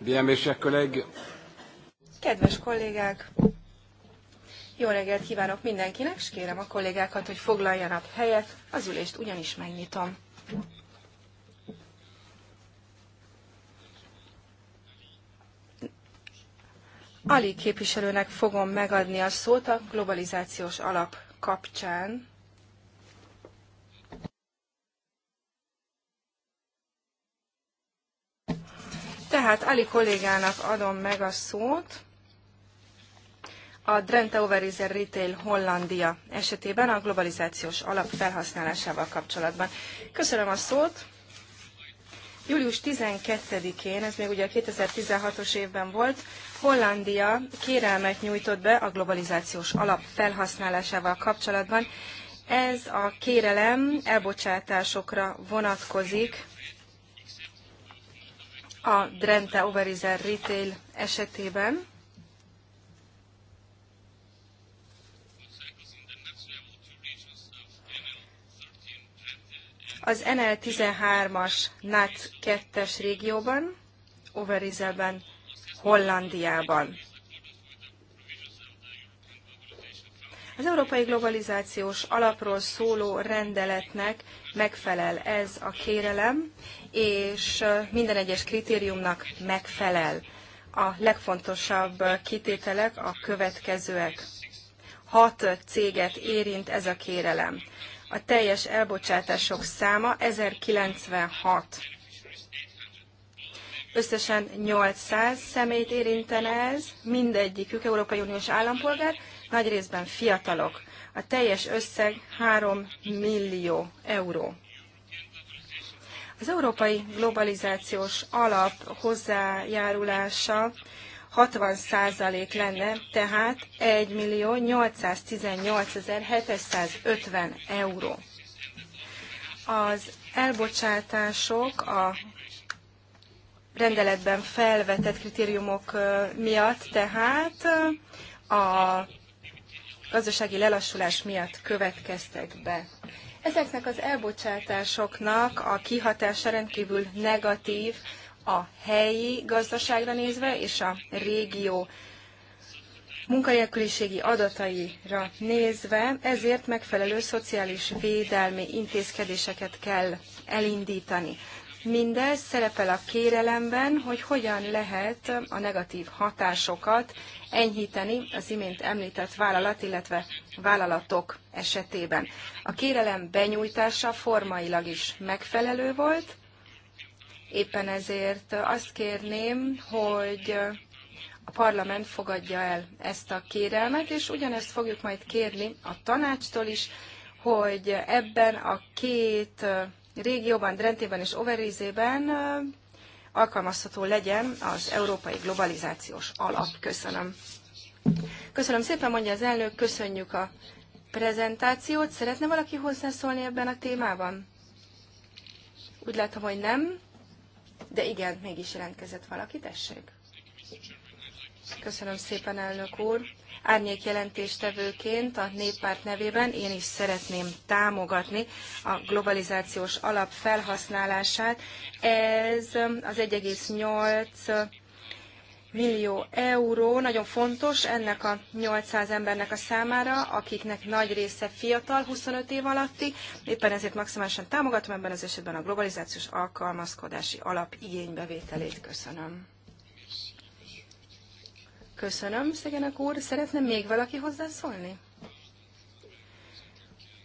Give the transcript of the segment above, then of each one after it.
Bien, mes chers collègues. Kedves kollégák! Jó reggelt kívánok mindenkinek, és kérem a kollégákat, hogy foglaljanak helyet, az ülést ugyanis megnyitom. Ali képviselőnek fogom megadni a szót a globalizációs alap kapcsán. Tehát Ali kollégának adom meg a szót a Drente Overizer Retail Hollandia esetében a globalizációs alap felhasználásával kapcsolatban. Köszönöm a szót! Július 12-én, ez még ugye a 2016-os évben volt, Hollandia kérelmet nyújtott be a globalizációs alap felhasználásával kapcsolatban. Ez a kérelem elbocsátásokra vonatkozik a Drenta Overizer Retail esetében. Az NL13-as NAT 2-es régióban, Overizelben, Hollandiában. Az európai globalizációs alapról szóló rendeletnek megfelel ez a kérelem, és minden egyes kritériumnak megfelel. A legfontosabb kitételek a következőek. Hat céget érint ez a kérelem. A teljes elbocsátások száma 1096. Összesen 800 személyt érinten ez, mindegyikük Európai Uniós állampolgár, nagy részben fiatalok. A teljes összeg 3 millió euró. Az európai globalizációs alap hozzájárulása 60% lenne, tehát 1 millió euró. Az elbocsátások a rendeletben felvetett kritériumok miatt, tehát a gazdasági lelassulás miatt következtek be. Ezeknek az elbocsátásoknak a kihatása rendkívül negatív a helyi gazdaságra nézve és a régió munkanélküliségi adataira nézve, ezért megfelelő szociális védelmi intézkedéseket kell elindítani. Mindez szerepel a kérelemben, hogy hogyan lehet a negatív hatásokat enyhíteni az imént említett vállalat, illetve vállalatok esetében. A kérelem benyújtása formailag is megfelelő volt, éppen ezért azt kérném, hogy a parlament fogadja el ezt a kérelmet, és ugyanezt fogjuk majd kérni a tanácstól is, hogy ebben a két régióban, Drentében és Overizében alkalmazható legyen az európai globalizációs alap. Köszönöm. Köszönöm szépen, mondja az elnök, köszönjük a prezentációt. Szeretne valaki hozzászólni ebben a témában? Úgy látom, hogy nem, de igen, mégis jelentkezett valaki, tessék. Köszönöm szépen, elnök úr. Árnyék jelentéstevőként a néppárt nevében én is szeretném támogatni a globalizációs alap felhasználását. Ez um, az 1,8 uh, millió euró, nagyon fontos ennek a 800 embernek a számára, akiknek nagy része fiatal, 25 év alatti, éppen ezért maximálisan támogatom ebben az esetben a globalizációs alkalmazkodási alap igénybevételét. Köszönöm. Köszönöm, Szegenek úr. Szeretne még valaki hozzászólni?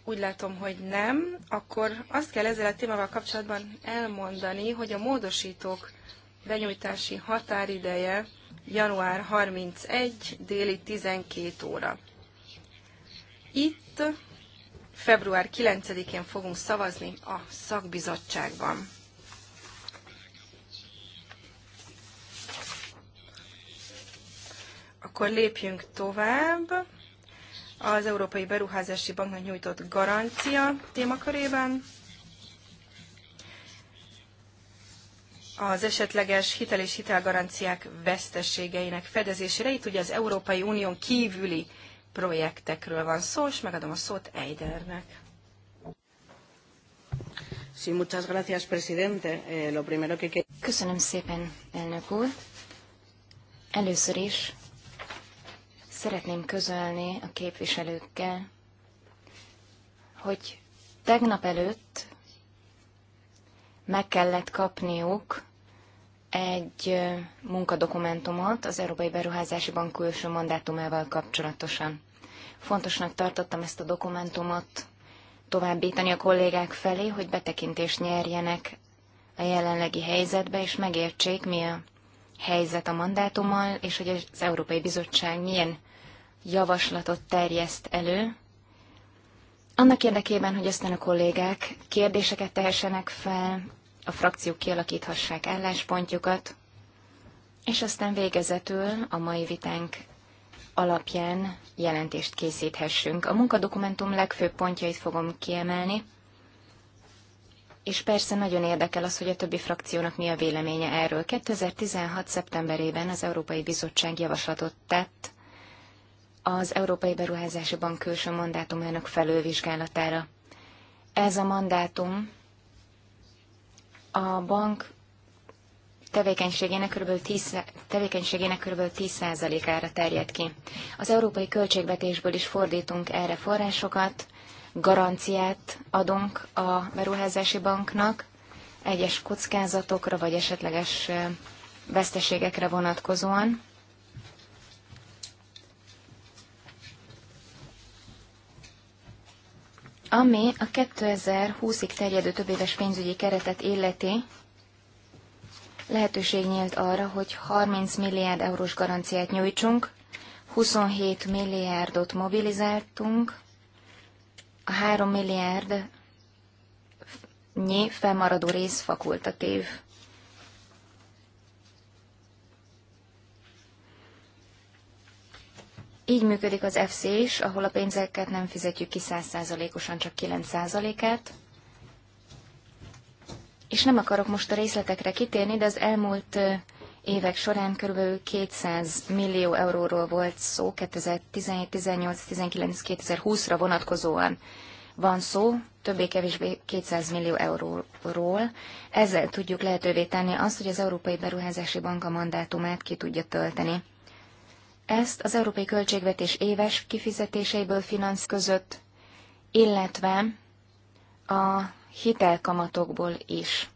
Úgy látom, hogy nem. Akkor azt kell ezzel a témával kapcsolatban elmondani, hogy a módosítók benyújtási határideje január 31, déli 12 óra. Itt február 9-én fogunk szavazni a szakbizottságban. Akkor lépjünk tovább az Európai Beruházási Banknak nyújtott garancia témakörében. az esetleges hitel és hitelgaranciák veszteségeinek fedezésére. Itt ugye az Európai Unión kívüli projektekről van szó, és megadom a szót Eidernek. Sí, muchas gracias, presidente. Eh, lo primero que... Köszönöm szépen, elnök úr. Először is Szeretném közölni a képviselőkkel, hogy tegnap előtt meg kellett kapniuk egy munkadokumentumot az Európai Beruházási Bank külső mandátumával kapcsolatosan. Fontosnak tartottam ezt a dokumentumot továbbítani a kollégák felé, hogy betekintést nyerjenek a jelenlegi helyzetbe, és megértsék, mi a helyzet a mandátummal, és hogy az Európai Bizottság milyen javaslatot terjeszt elő, annak érdekében, hogy aztán a kollégák kérdéseket tehessenek fel, a frakciók kialakíthassák álláspontjukat, és aztán végezetül a mai vitánk alapján jelentést készíthessünk. A munkadokumentum legfőbb pontjait fogom kiemelni, és persze nagyon érdekel az, hogy a többi frakciónak mi a véleménye erről. 2016. szeptemberében az Európai Bizottság javaslatot tett az Európai Beruházási Bank külső mandátumának felülvizsgálatára. Ez a mandátum a bank tevékenységének kb. 10, tevékenységének kb. 10%-ára terjed ki. Az európai költségvetésből is fordítunk erre forrásokat, garanciát adunk a beruházási banknak egyes kockázatokra vagy esetleges veszteségekre vonatkozóan. Ami a 2020-ig terjedő többéves pénzügyi keretet illeti, lehetőség nyílt arra, hogy 30 milliárd eurós garanciát nyújtsunk, 27 milliárdot mobilizáltunk, a 3 milliárd nyi felmaradó rész fakultatív Így működik az FC is, ahol a pénzeket nem fizetjük ki 100%-osan, csak 9%-át. És nem akarok most a részletekre kitérni, de az elmúlt évek során kb. 200 millió euróról volt szó, 2017, 18, 19, 2020-ra vonatkozóan van szó, többé-kevésbé 200 millió euróról. Ezzel tudjuk lehetővé tenni azt, hogy az Európai Beruházási Banka mandátumát ki tudja tölteni. Ezt az európai költségvetés éves kifizetéseiből finansz között, illetve a hitelkamatokból is.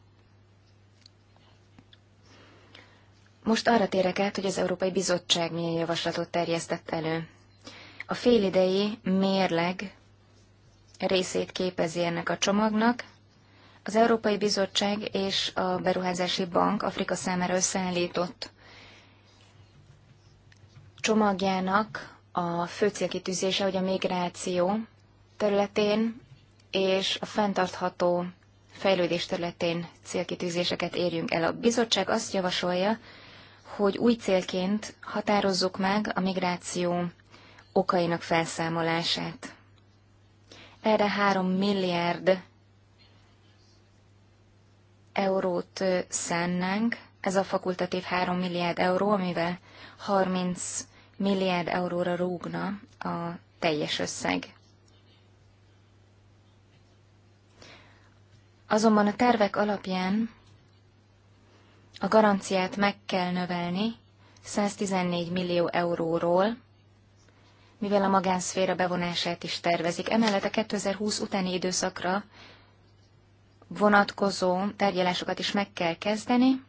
Most arra térek át, hogy az Európai Bizottság milyen javaslatot terjesztett elő. A félidei mérleg részét képezi ennek a csomagnak. Az Európai Bizottság és a Beruházási Bank Afrika számára összeállított csomagjának a fő célkitűzése, hogy a migráció területén és a fenntartható fejlődés területén célkitűzéseket érjünk el. A bizottság azt javasolja, hogy új célként határozzuk meg a migráció okainak felszámolását. Erre 3 milliárd eurót szánnánk, ez a fakultatív 3 milliárd euró, amivel 30 milliárd euróra rúgna a teljes összeg. Azonban a tervek alapján a garanciát meg kell növelni 114 millió euróról, mivel a magánszféra bevonását is tervezik. Emellett a 2020 utáni időszakra vonatkozó tárgyalásokat is meg kell kezdeni,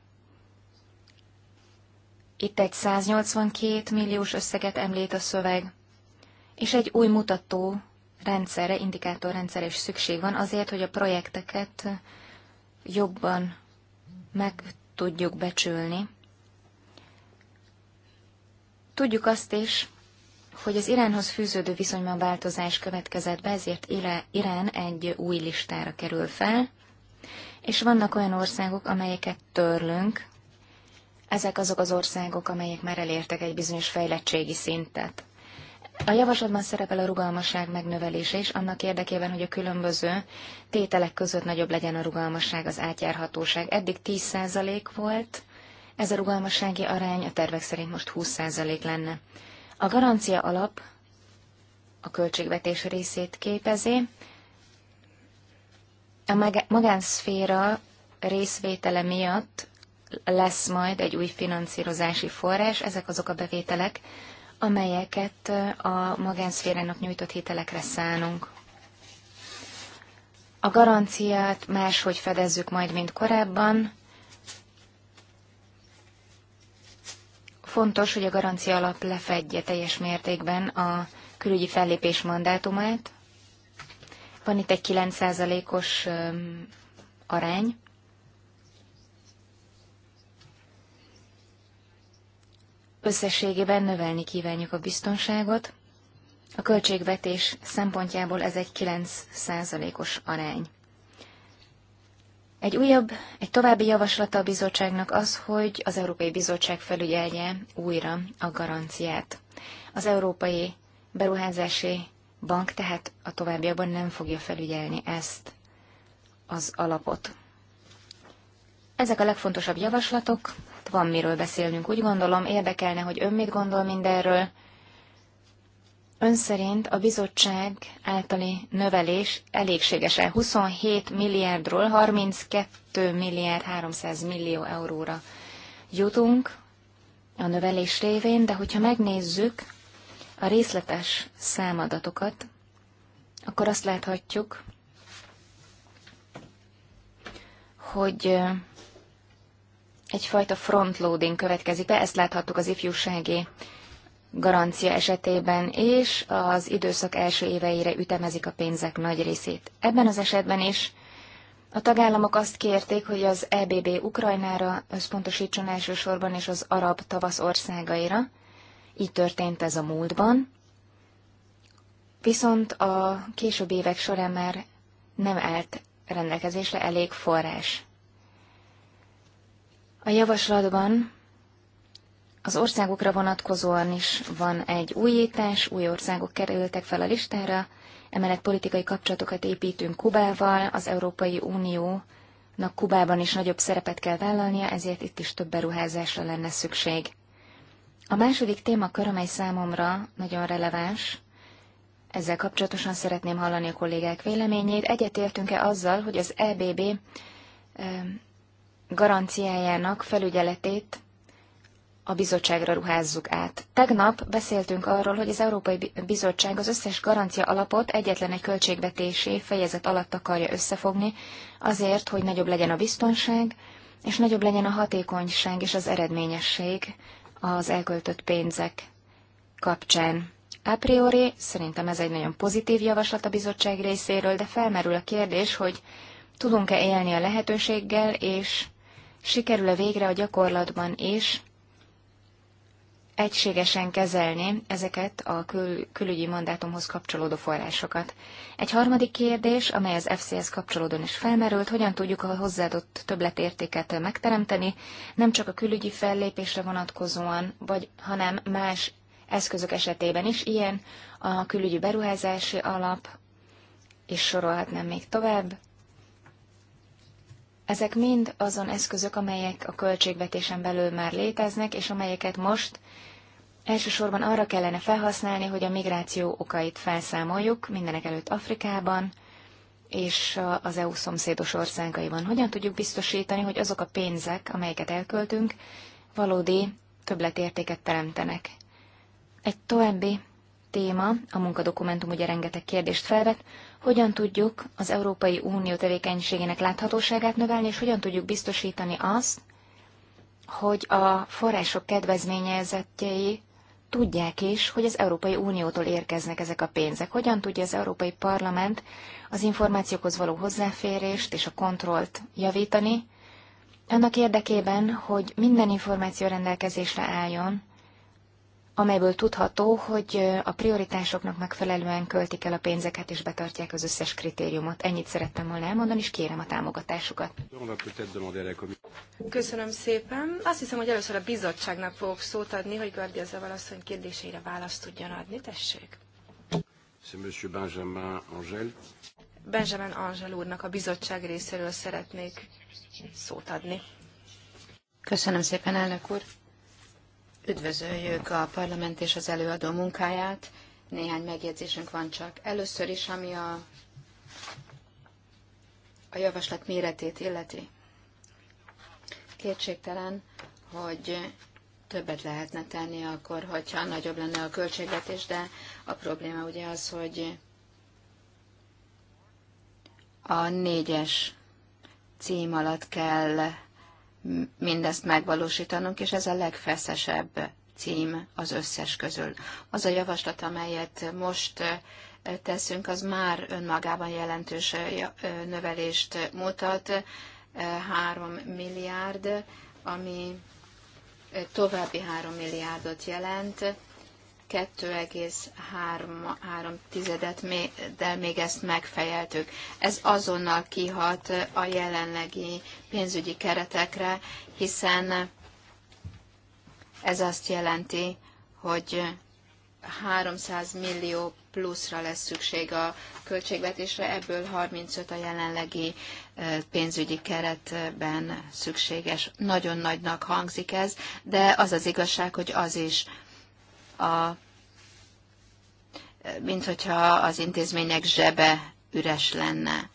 itt egy 182 milliós összeget említ a szöveg, és egy új mutató rendszerre, indikátorrendszerre is szükség van azért, hogy a projekteket jobban meg tudjuk becsülni. Tudjuk azt is, hogy az Iránhoz fűződő viszonyban változás következett be, ezért Irán egy új listára kerül fel, és vannak olyan országok, amelyeket törlünk, ezek azok az országok, amelyek már elértek egy bizonyos fejlettségi szintet. A javaslatban szerepel a rugalmasság megnövelése is, annak érdekében, hogy a különböző tételek között nagyobb legyen a rugalmasság, az átjárhatóság. Eddig 10% volt, ez a rugalmassági arány a tervek szerint most 20% lenne. A garancia alap a költségvetés részét képezi, a magánszféra részvétele miatt lesz majd egy új finanszírozási forrás, ezek azok a bevételek, amelyeket a magánszférának nyújtott hitelekre szánunk. A garanciát máshogy fedezzük majd, mint korábban. Fontos, hogy a garancia alap lefedje teljes mértékben a külügyi fellépés mandátumát. Van itt egy 9%-os arány, Összességében növelni kívánjuk a biztonságot. A költségvetés szempontjából ez egy 9%-os arány. Egy újabb, egy további javaslata a bizottságnak az, hogy az Európai Bizottság felügyelje újra a garanciát. Az Európai Beruházási Bank tehát a továbbiakban nem fogja felügyelni ezt az alapot. Ezek a legfontosabb javaslatok, van miről beszélnünk. Úgy gondolom, érdekelne, hogy ön mit gondol mindenről. Ön szerint a bizottság általi növelés elégségesen 27 milliárdról 32 milliárd 300 millió euróra jutunk a növelés révén, de hogyha megnézzük a részletes számadatokat, akkor azt láthatjuk, hogy egyfajta frontloading következik be, ezt láthattuk az ifjúsági garancia esetében, és az időszak első éveire ütemezik a pénzek nagy részét. Ebben az esetben is a tagállamok azt kérték, hogy az EBB Ukrajnára összpontosítson elsősorban és az arab tavasz országaira. Így történt ez a múltban. Viszont a később évek során már nem állt rendelkezésre elég forrás. A javaslatban az országokra vonatkozóan is van egy újítás, új országok kerültek fel a listára, emellett politikai kapcsolatokat építünk Kubával, az Európai Uniónak Kubában is nagyobb szerepet kell vállalnia, ezért itt is több beruházásra lenne szükség. A második témakör, amely számomra nagyon releváns, ezzel kapcsolatosan szeretném hallani a kollégák véleményét. Egyetértünk-e azzal, hogy az EBB garanciájának felügyeletét a bizottságra ruházzuk át. Tegnap beszéltünk arról, hogy az Európai Bizottság az összes garancia alapot egyetlen egy költségvetési fejezet alatt akarja összefogni, azért, hogy nagyobb legyen a biztonság, és nagyobb legyen a hatékonyság és az eredményesség az elköltött pénzek kapcsán. A priori szerintem ez egy nagyon pozitív javaslat a bizottság részéről, de felmerül a kérdés, hogy tudunk-e élni a lehetőséggel, és sikerül-e végre a gyakorlatban is egységesen kezelni ezeket a kül- külügyi mandátumhoz kapcsolódó forrásokat. Egy harmadik kérdés, amely az FCS kapcsolódón is felmerült, hogyan tudjuk a hozzáadott többletértéket megteremteni, nem csak a külügyi fellépésre vonatkozóan, vagy, hanem más eszközök esetében is, ilyen a külügyi beruházási alap, és sorolhatnám még tovább, ezek mind azon eszközök, amelyek a költségvetésen belül már léteznek, és amelyeket most elsősorban arra kellene felhasználni, hogy a migráció okait felszámoljuk, mindenek előtt Afrikában és az EU szomszédos országaiban. Hogyan tudjuk biztosítani, hogy azok a pénzek, amelyeket elköltünk, valódi többletértéket teremtenek. Egy további téma, a munkadokumentum ugye rengeteg kérdést felvet, hogyan tudjuk az Európai Unió tevékenységének láthatóságát növelni, és hogyan tudjuk biztosítani azt, hogy a források kedvezményezettjei tudják is, hogy az Európai Uniótól érkeznek ezek a pénzek. Hogyan tudja az Európai Parlament az információkhoz való hozzáférést és a kontrollt javítani, annak érdekében, hogy minden információ rendelkezésre álljon, amelyből tudható, hogy a prioritásoknak megfelelően költik el a pénzeket és betartják az összes kritériumot. Ennyit szerettem volna elmondani, és kérem a támogatásukat. Köszönöm szépen. Azt hiszem, hogy először a bizottságnak fogok szót adni, hogy Gardia Zaval asszony kérdéseire választ tudjon adni. Tessék! Benjamin Angel. Benjamin Angel úrnak a bizottság részéről szeretnék szót adni. Köszönöm szépen, elnök úr! Üdvözöljük a parlament és az előadó munkáját. Néhány megjegyzésünk van csak. Először is, ami a, a javaslat méretét illeti. Kétségtelen, hogy többet lehetne tenni akkor, hogyha nagyobb lenne a költségvetés, de a probléma ugye az, hogy a négyes cím alatt kell mindezt megvalósítanunk, és ez a legfeszesebb cím az összes közül. Az a javaslat, amelyet most teszünk, az már önmagában jelentős növelést mutat, 3 milliárd, ami további 3 milliárdot jelent, 23 de még ezt megfejeltük. Ez azonnal kihat a jelenlegi pénzügyi keretekre, hiszen ez azt jelenti, hogy 300 millió pluszra lesz szükség a költségvetésre, ebből 35 a jelenlegi pénzügyi keretben szükséges. Nagyon nagynak hangzik ez, de az az igazság, hogy az is a, mint hogyha az intézmények zsebe üres lenne.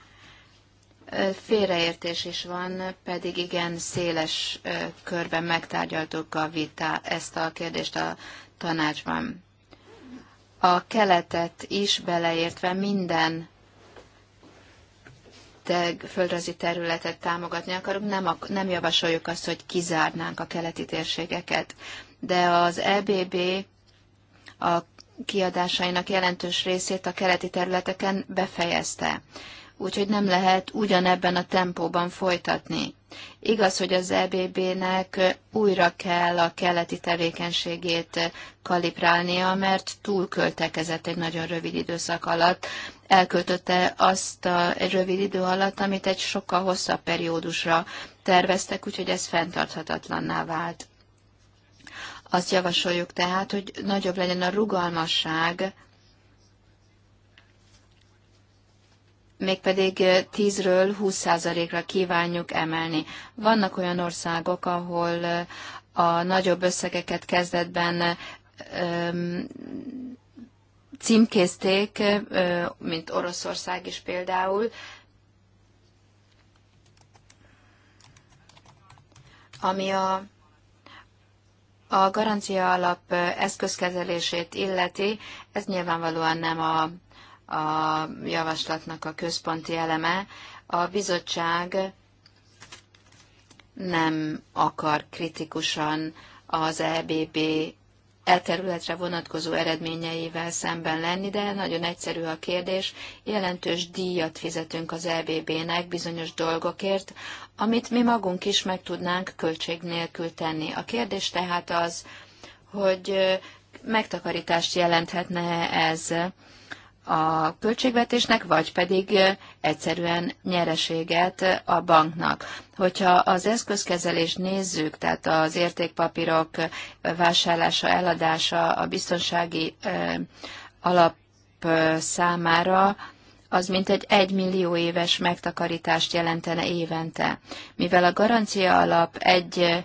Félreértés is van, pedig igen, széles körben megtárgyaltuk a vita, ezt a kérdést a tanácsban. A keletet is beleértve minden földrajzi területet támogatni akarunk, nem, nem javasoljuk azt, hogy kizárnánk a keleti térségeket, de az EBB a kiadásainak jelentős részét a keleti területeken befejezte. Úgyhogy nem lehet ugyanebben a tempóban folytatni. Igaz, hogy az EBB-nek újra kell a keleti tevékenységét kalibrálnia, mert túlköltekezett egy nagyon rövid időszak alatt. Elköltötte azt a egy rövid idő alatt, amit egy sokkal hosszabb periódusra terveztek, úgyhogy ez fenntarthatatlanná vált. Azt javasoljuk tehát, hogy nagyobb legyen a rugalmasság, mégpedig 10-ről eh, 20%-ra kívánjuk emelni. Vannak olyan országok, ahol eh, a nagyobb összegeket kezdetben öm, eh, címkézték, mint Oroszország is például, ami a a garancia alap eh, eszközkezelését illeti, ez nyilvánvalóan nem a, a javaslatnak a központi eleme. A bizottság nem akar kritikusan az EBB elterületre vonatkozó eredményeivel szemben lenni, de nagyon egyszerű a kérdés. Jelentős díjat fizetünk az EBB-nek bizonyos dolgokért, amit mi magunk is meg tudnánk költség nélkül tenni. A kérdés tehát az, hogy megtakarítást jelenthetne ez a költségvetésnek, vagy pedig egyszerűen nyereséget a banknak. Hogyha az eszközkezelést nézzük, tehát az értékpapírok vásárlása, eladása a biztonsági alap számára, az mintegy egy millió éves megtakarítást jelentene évente. Mivel a garancia alap egy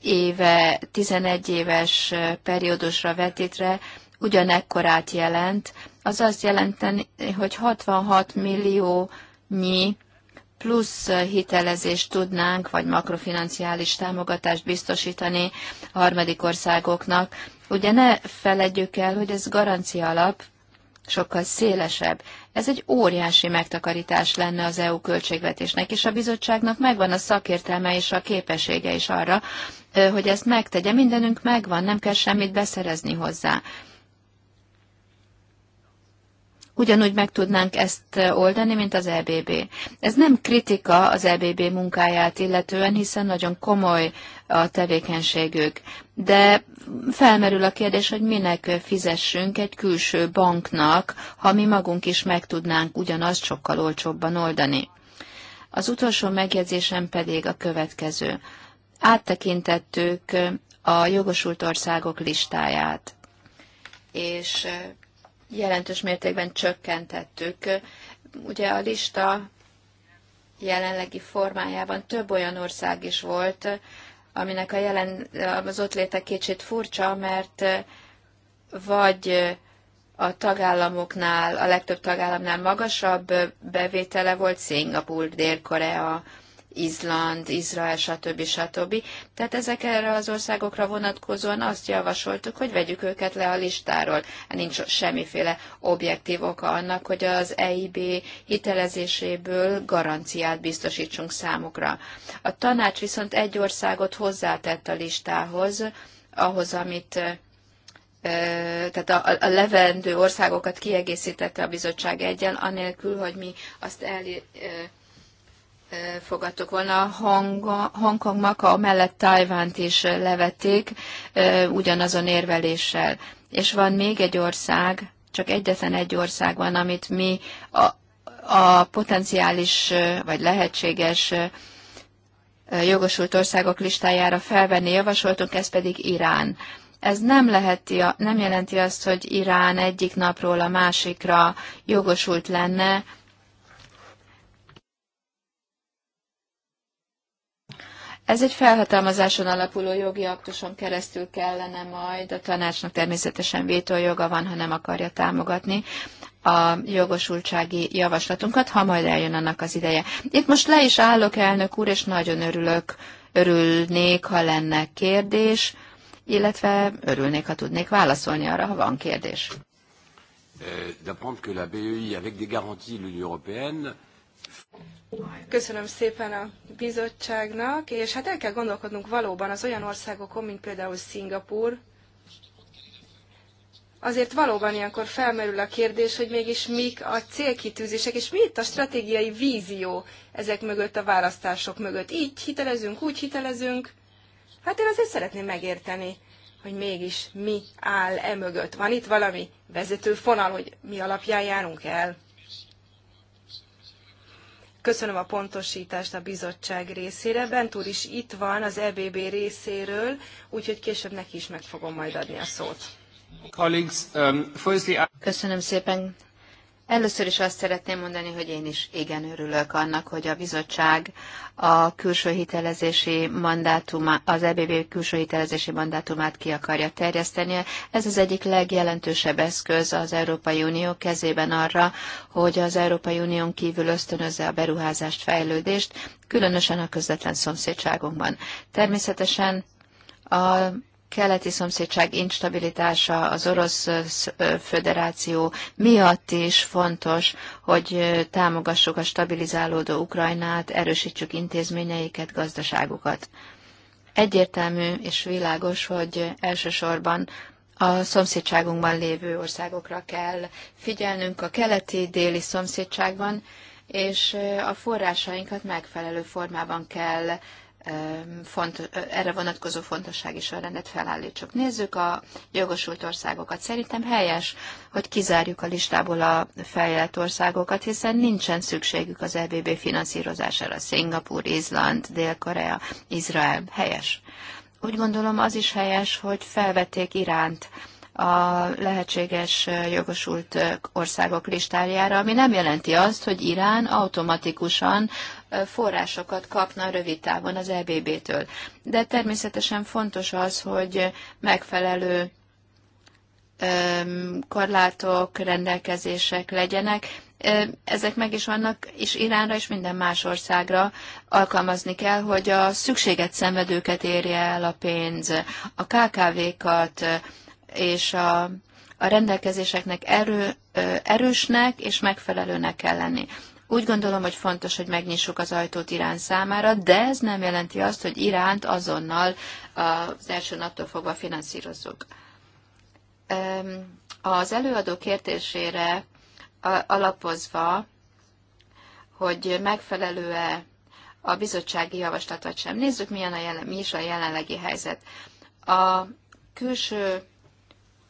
éve, 11 éves periódusra vetítre ugyanekkorát jelent, az azt jelenteni, hogy 66 milliónyi plusz hitelezést tudnánk, vagy makrofinanciális támogatást biztosítani a harmadik országoknak. Ugye ne feledjük el, hogy ez garancia alap, sokkal szélesebb. Ez egy óriási megtakarítás lenne az EU költségvetésnek, és a bizottságnak megvan a szakértelme és a képessége is arra, hogy ezt megtegye. Mindenünk megvan, nem kell semmit beszerezni hozzá ugyanúgy meg tudnánk ezt oldani, mint az EBB. Ez nem kritika az EBB munkáját illetően, hiszen nagyon komoly a tevékenységük. De felmerül a kérdés, hogy minek fizessünk egy külső banknak, ha mi magunk is meg tudnánk ugyanazt sokkal olcsóbban oldani. Az utolsó megjegyzésem pedig a következő. Áttekintettük a jogosult országok listáját, és jelentős mértékben csökkentettük. Ugye a lista jelenlegi formájában több olyan ország is volt, aminek a jelen, az ott léte kicsit furcsa, mert vagy a tagállamoknál, a legtöbb tagállamnál magasabb bevétele volt, Szingapúr, Dél-Korea, Izland, Izrael, stb. stb. Tehát ezek erre az országokra vonatkozóan azt javasoltuk, hogy vegyük őket le a listáról. Nincs semmiféle objektív oka annak, hogy az EIB hitelezéséből garanciát biztosítsunk számukra. A tanács viszont egy országot hozzátett a listához, ahhoz, amit tehát a, a levendő országokat kiegészítette a bizottság egyen, anélkül, hogy mi azt el, fogadtuk volna. Hongkong maka mellett Tajvánt is levették ugyanazon érveléssel. És van még egy ország, csak egyetlen egy ország van, amit mi a, a potenciális vagy lehetséges jogosult országok listájára felvenni javasoltunk, ez pedig Irán. Ez nem, leheti, nem jelenti azt, hogy Irán egyik napról a másikra jogosult lenne, Ez egy felhatalmazáson alapuló jogi aktuson keresztül kellene majd, a tanácsnak természetesen vétójoga van, ha nem akarja támogatni a jogosultsági javaslatunkat, ha majd eljön annak az ideje. Itt most le is állok, elnök úr, és nagyon örülök, örülnék, ha lenne kérdés, illetve örülnék, ha tudnék válaszolni arra, ha van kérdés. Euh, d'apprendre que la BEI avec des garanties de l'Union européenne Köszönöm szépen a bizottságnak, és hát el kell gondolkodnunk valóban az olyan országokon, mint például Szingapur. Azért valóban ilyenkor felmerül a kérdés, hogy mégis mik a célkitűzések, és mi itt a stratégiai vízió ezek mögött, a választások mögött. Így hitelezünk, úgy hitelezünk. Hát én azért szeretném megérteni, hogy mégis mi áll e mögött. Van itt valami vezető fonal, hogy mi alapján járunk el? Köszönöm a pontosítást a bizottság részére. Bentúr is itt van az EBB részéről, úgyhogy később neki is meg fogom majd adni a szót. Um, Köszönöm szépen, Először is azt szeretném mondani, hogy én is igen örülök annak, hogy a bizottság a külső hitelezési mandátuma, az EBB külső hitelezési mandátumát ki akarja terjeszteni. Ez az egyik legjelentősebb eszköz az Európai Unió kezében arra, hogy az Európai Unión kívül ösztönözze a beruházást, fejlődést, különösen a közvetlen szomszédságunkban. Természetesen a keleti szomszédság instabilitása az Orosz Föderáció miatt is fontos, hogy támogassuk a stabilizálódó Ukrajnát, erősítsük intézményeiket, gazdaságukat. Egyértelmű és világos, hogy elsősorban a szomszédságunkban lévő országokra kell figyelnünk a keleti-déli szomszédságban, és a forrásainkat megfelelő formában kell font, erre vonatkozó fontossági sorrendet felállítsuk. Nézzük a jogosult országokat. Szerintem helyes, hogy kizárjuk a listából a fejlett országokat, hiszen nincsen szükségük az EBB finanszírozására. Szingapur, Izland, Dél-Korea, Izrael. Helyes. Úgy gondolom az is helyes, hogy felvették iránt a lehetséges jogosult országok listájára, ami nem jelenti azt, hogy Irán automatikusan forrásokat kapna rövid távon az EBB-től. De természetesen fontos az, hogy megfelelő korlátok, rendelkezések legyenek. Ezek meg is vannak, és Iránra és minden más országra alkalmazni kell, hogy a szükséget szenvedőket érje el a pénz, a KKV-kat és a, a rendelkezéseknek erő, erősnek és megfelelőnek kell lenni. Úgy gondolom, hogy fontos, hogy megnyissuk az ajtót Irán számára, de ez nem jelenti azt, hogy Iránt azonnal az első naptól fogva finanszírozzuk. Az előadó kérdésére alapozva, hogy megfelelő-e a bizottsági javaslat vagy sem. Nézzük, milyen a jelen, mi is a jelenlegi helyzet. A külső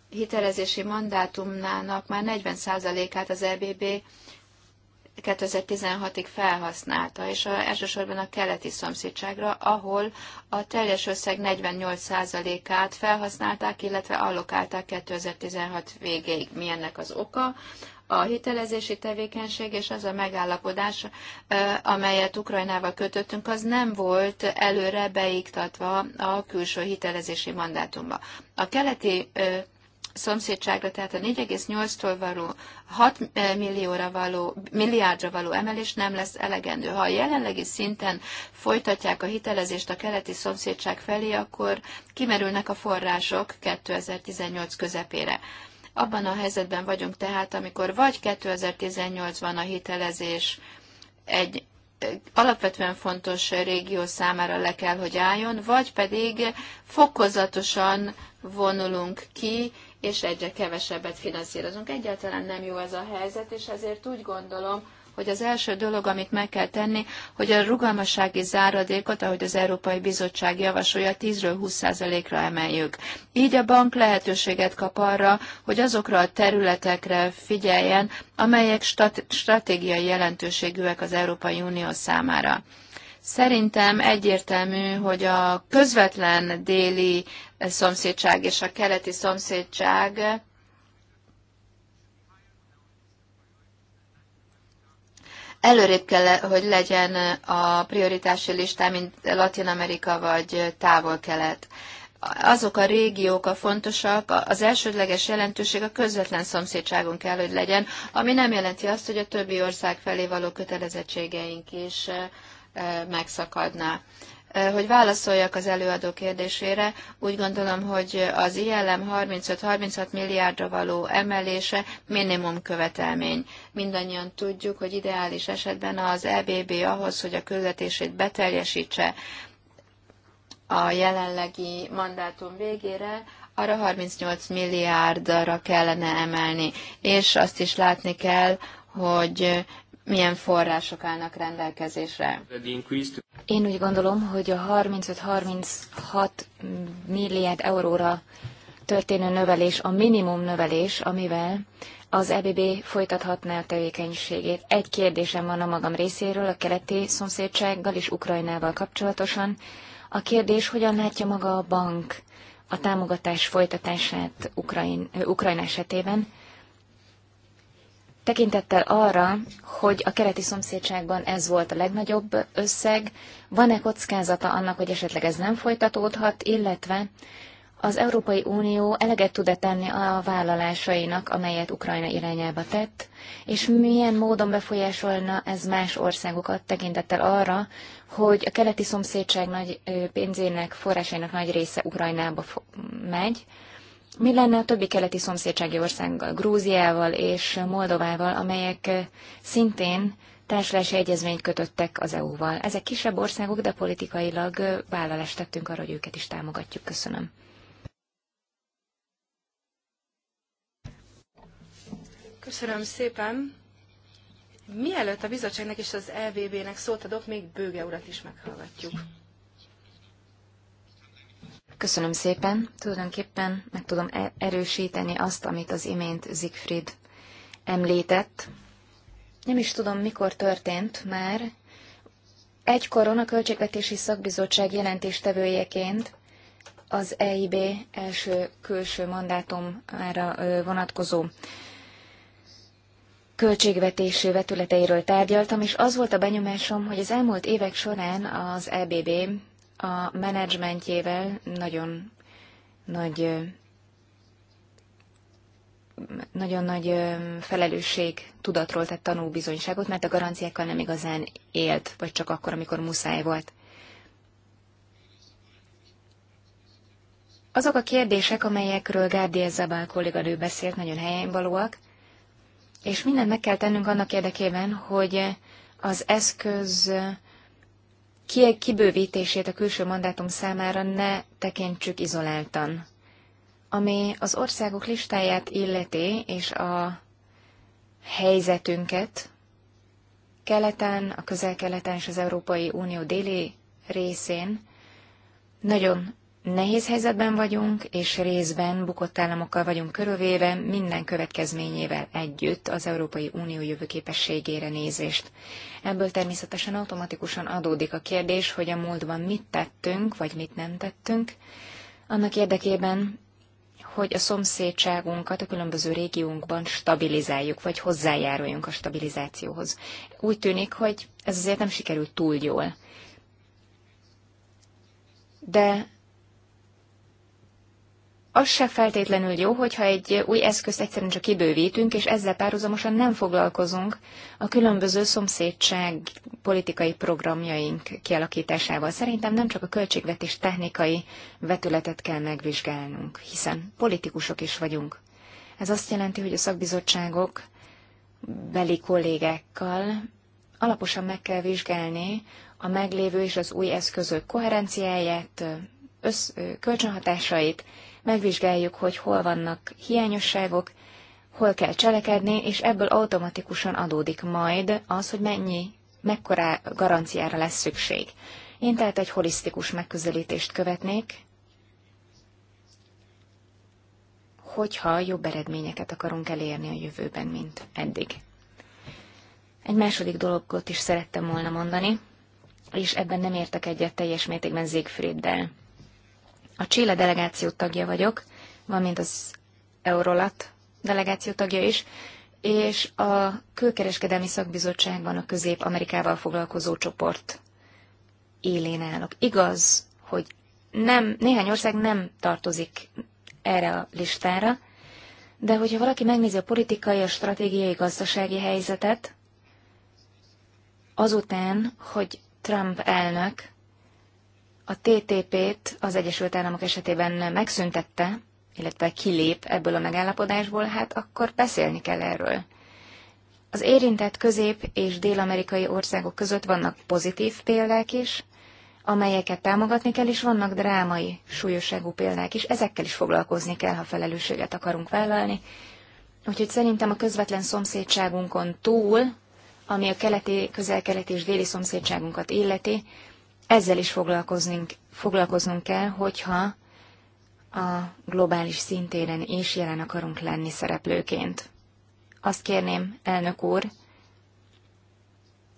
hitelezési mandátumnának már 40%-át az EBB 2016-ig felhasználta, és a, elsősorban a keleti szomszédságra, ahol a teljes összeg 48%-át felhasználták, illetve allokálták 2016 végéig. Mi ennek az oka? a hitelezési tevékenység és az a megállapodás, amelyet Ukrajnával kötöttünk, az nem volt előre beiktatva a külső hitelezési mandátumba. A keleti szomszédságra, tehát a 4,8-tól való 6 eh, millióra való, milliárdra való emelés nem lesz elegendő. Ha a jelenlegi szinten folytatják a hitelezést a keleti szomszédság felé, akkor kimerülnek a források 2018 közepére. Abban a helyzetben vagyunk tehát, amikor vagy 2018-ban a hitelezés egy eh, alapvetően fontos régió számára le kell, hogy álljon, vagy pedig fokozatosan vonulunk ki, és egyre kevesebbet finanszírozunk. Egyáltalán nem jó ez a helyzet, és ezért úgy gondolom, hogy az első dolog, amit meg kell tenni, hogy a rugalmassági záradékot, ahogy az Európai Bizottság javasolja, 10-ről 20%-ra emeljük. Így a bank lehetőséget kap arra, hogy azokra a területekre figyeljen, amelyek stat- stratégiai jelentőségűek az Európai Unió számára. Szerintem egyértelmű, hogy a közvetlen déli szomszédság és a keleti szomszédság előrébb kell, hogy legyen a prioritási listán, mint Latin Amerika vagy távol-kelet. Azok a régiók a fontosak, az elsődleges jelentőség a közvetlen szomszédságon kell, hogy legyen, ami nem jelenti azt, hogy a többi ország felé való kötelezettségeink is eh, megszakadná. Hogy válaszoljak az előadó kérdésére, úgy gondolom, hogy az ILM 35-36 milliárdra való emelése minimum követelmény. Mindannyian tudjuk, hogy ideális esetben az EBB ahhoz, hogy a küldetését beteljesítse a jelenlegi mandátum végére, arra 38 milliárdra kellene emelni, és azt is látni kell, hogy milyen források állnak rendelkezésre. Én úgy gondolom, hogy a 35-36 milliárd euróra történő növelés a minimum növelés, amivel az EBB folytathatná a tevékenységét. Egy kérdésem van a magam részéről a keleti szomszédsággal és Ukrajnával kapcsolatosan. A kérdés, hogyan látja maga a bank a támogatás folytatását Ukrajn, Ukrajna esetében, Tekintettel arra, hogy a kereti szomszédságban ez volt a legnagyobb összeg, van-e kockázata annak, hogy esetleg ez nem folytatódhat, illetve az Európai Unió eleget tud-e tenni a vállalásainak, amelyet Ukrajna irányába tett, és milyen módon befolyásolna ez más országokat tekintettel arra, hogy a keleti szomszédság nagy pénzének, forrásainak nagy része Ukrajnába megy, mi lenne a többi keleti szomszédsági országgal, Grúziával és Moldovával, amelyek szintén társulási egyezményt kötöttek az EU-val? Ezek kisebb országok, de politikailag vállalást tettünk arra, hogy őket is támogatjuk. Köszönöm. Köszönöm szépen. Mielőtt a bizottságnak és az LVB-nek e szót adok, még Bőge urat is meghallgatjuk. Köszönöm szépen. Tulajdonképpen meg tudom e- erősíteni azt, amit az imént Siegfried említett. Nem is tudom, mikor történt már. Egykoron a Költségvetési Szakbizottság jelentéstevőjeként az EIB első külső mandátumára vonatkozó költségvetési vetületeiről tárgyaltam, és az volt a benyomásom, hogy az elmúlt évek során az EBB a menedzsmentjével nagyon nagy nagyon nagy felelősség tudatról tett tanúbizonyságot, mert a garanciákkal nem igazán élt, vagy csak akkor, amikor muszáj volt. Azok a kérdések, amelyekről Gárdiel Zabál kolléganő beszélt, nagyon helyén valóak, és mindent meg kell tennünk annak érdekében, hogy az eszköz kibővítését a külső mandátum számára ne tekintsük izoláltan. Ami az országok listáját illeti, és a helyzetünket, keleten, a közel-keleten és az Európai Unió déli részén nagyon Nehéz helyzetben vagyunk, és részben bukott államokkal vagyunk körülvéve, minden következményével együtt az Európai Unió jövőképességére nézést. Ebből természetesen automatikusan adódik a kérdés, hogy a múltban mit tettünk, vagy mit nem tettünk, annak érdekében, hogy a szomszédságunkat a különböző régiónkban stabilizáljuk, vagy hozzájáruljunk a stabilizációhoz. Úgy tűnik, hogy ez azért nem sikerült túl jól. De az se feltétlenül jó, hogyha egy új eszközt egyszerűen csak kibővítünk, és ezzel párhuzamosan nem foglalkozunk a különböző szomszédság politikai programjaink kialakításával. Szerintem nem csak a költségvetés technikai vetületet kell megvizsgálnunk, hiszen politikusok is vagyunk. Ez azt jelenti, hogy a szakbizottságok beli kollégákkal alaposan meg kell vizsgálni a meglévő és az új eszközök koherenciáját, össz, kölcsönhatásait, megvizsgáljuk, hogy hol vannak hiányosságok, hol kell cselekedni, és ebből automatikusan adódik majd az, hogy mennyi, mekkora garanciára lesz szükség. Én tehát egy holisztikus megközelítést követnék, hogyha jobb eredményeket akarunk elérni a jövőben, mint eddig. Egy második dologot is szerettem volna mondani, és ebben nem értek egyet teljes mértékben Siegfrieddel. A Chile delegáció tagja vagyok, valamint az Eurolat delegáció tagja is, és a Külkereskedelmi Szakbizottságban a Közép-Amerikával foglalkozó csoport élén állok. Igaz, hogy nem, néhány ország nem tartozik erre a listára, de hogyha valaki megnézi a politikai, a stratégiai, gazdasági helyzetet, azután, hogy Trump elnök a TTP-t az Egyesült Államok esetében megszüntette, illetve kilép ebből a megállapodásból, hát akkor beszélni kell erről. Az érintett közép- és dél-amerikai országok között vannak pozitív példák is, amelyeket támogatni kell, és vannak drámai, súlyosságú példák is, ezekkel is foglalkozni kell, ha felelősséget akarunk vállalni. Úgyhogy szerintem a közvetlen szomszédságunkon túl, ami a keleti, közel-keleti és déli szomszédságunkat illeti, ezzel is foglalkoznunk, foglalkoznunk kell, hogyha a globális szintéren is jelen akarunk lenni szereplőként. Azt kérném, elnök úr,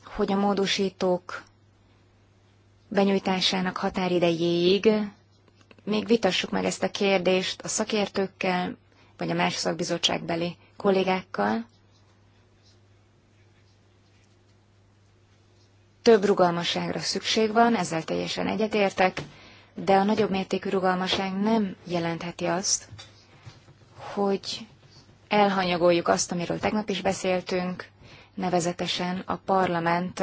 hogy a módosítók benyújtásának határidejéig még vitassuk meg ezt a kérdést a szakértőkkel, vagy a más szakbizottságbeli kollégákkal, Több rugalmasságra szükség van, ezzel teljesen egyetértek, de a nagyobb mértékű rugalmasság nem jelentheti azt, hogy elhanyagoljuk azt, amiről tegnap is beszéltünk, nevezetesen a parlament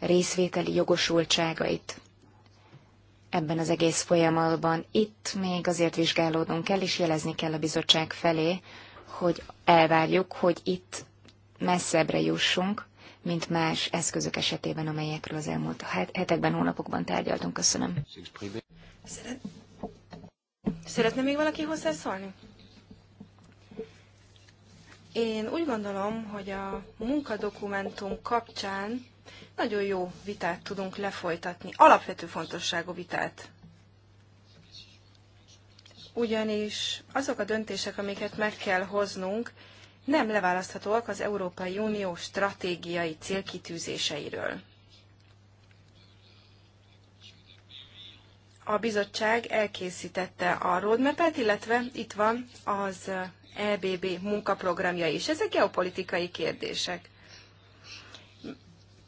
részvételi jogosultságait ebben az egész folyamatban. Itt még azért vizsgálódnunk kell, és jelezni kell a bizottság felé, hogy elvárjuk, hogy itt messzebbre jussunk, mint más eszközök esetében, amelyekről az elmúlt hetekben, hónapokban tárgyaltunk. Köszönöm. Szeret... Szeretne még valaki hozzászólni? Én úgy gondolom, hogy a munkadokumentum kapcsán nagyon jó vitát tudunk lefolytatni, alapvető fontosságú vitát. Ugyanis azok a döntések, amiket meg kell hoznunk, nem leválaszthatóak az Európai Unió stratégiai célkitűzéseiről. A bizottság elkészítette a roadmap-et, illetve itt van az EBB munkaprogramja is. Ezek geopolitikai kérdések.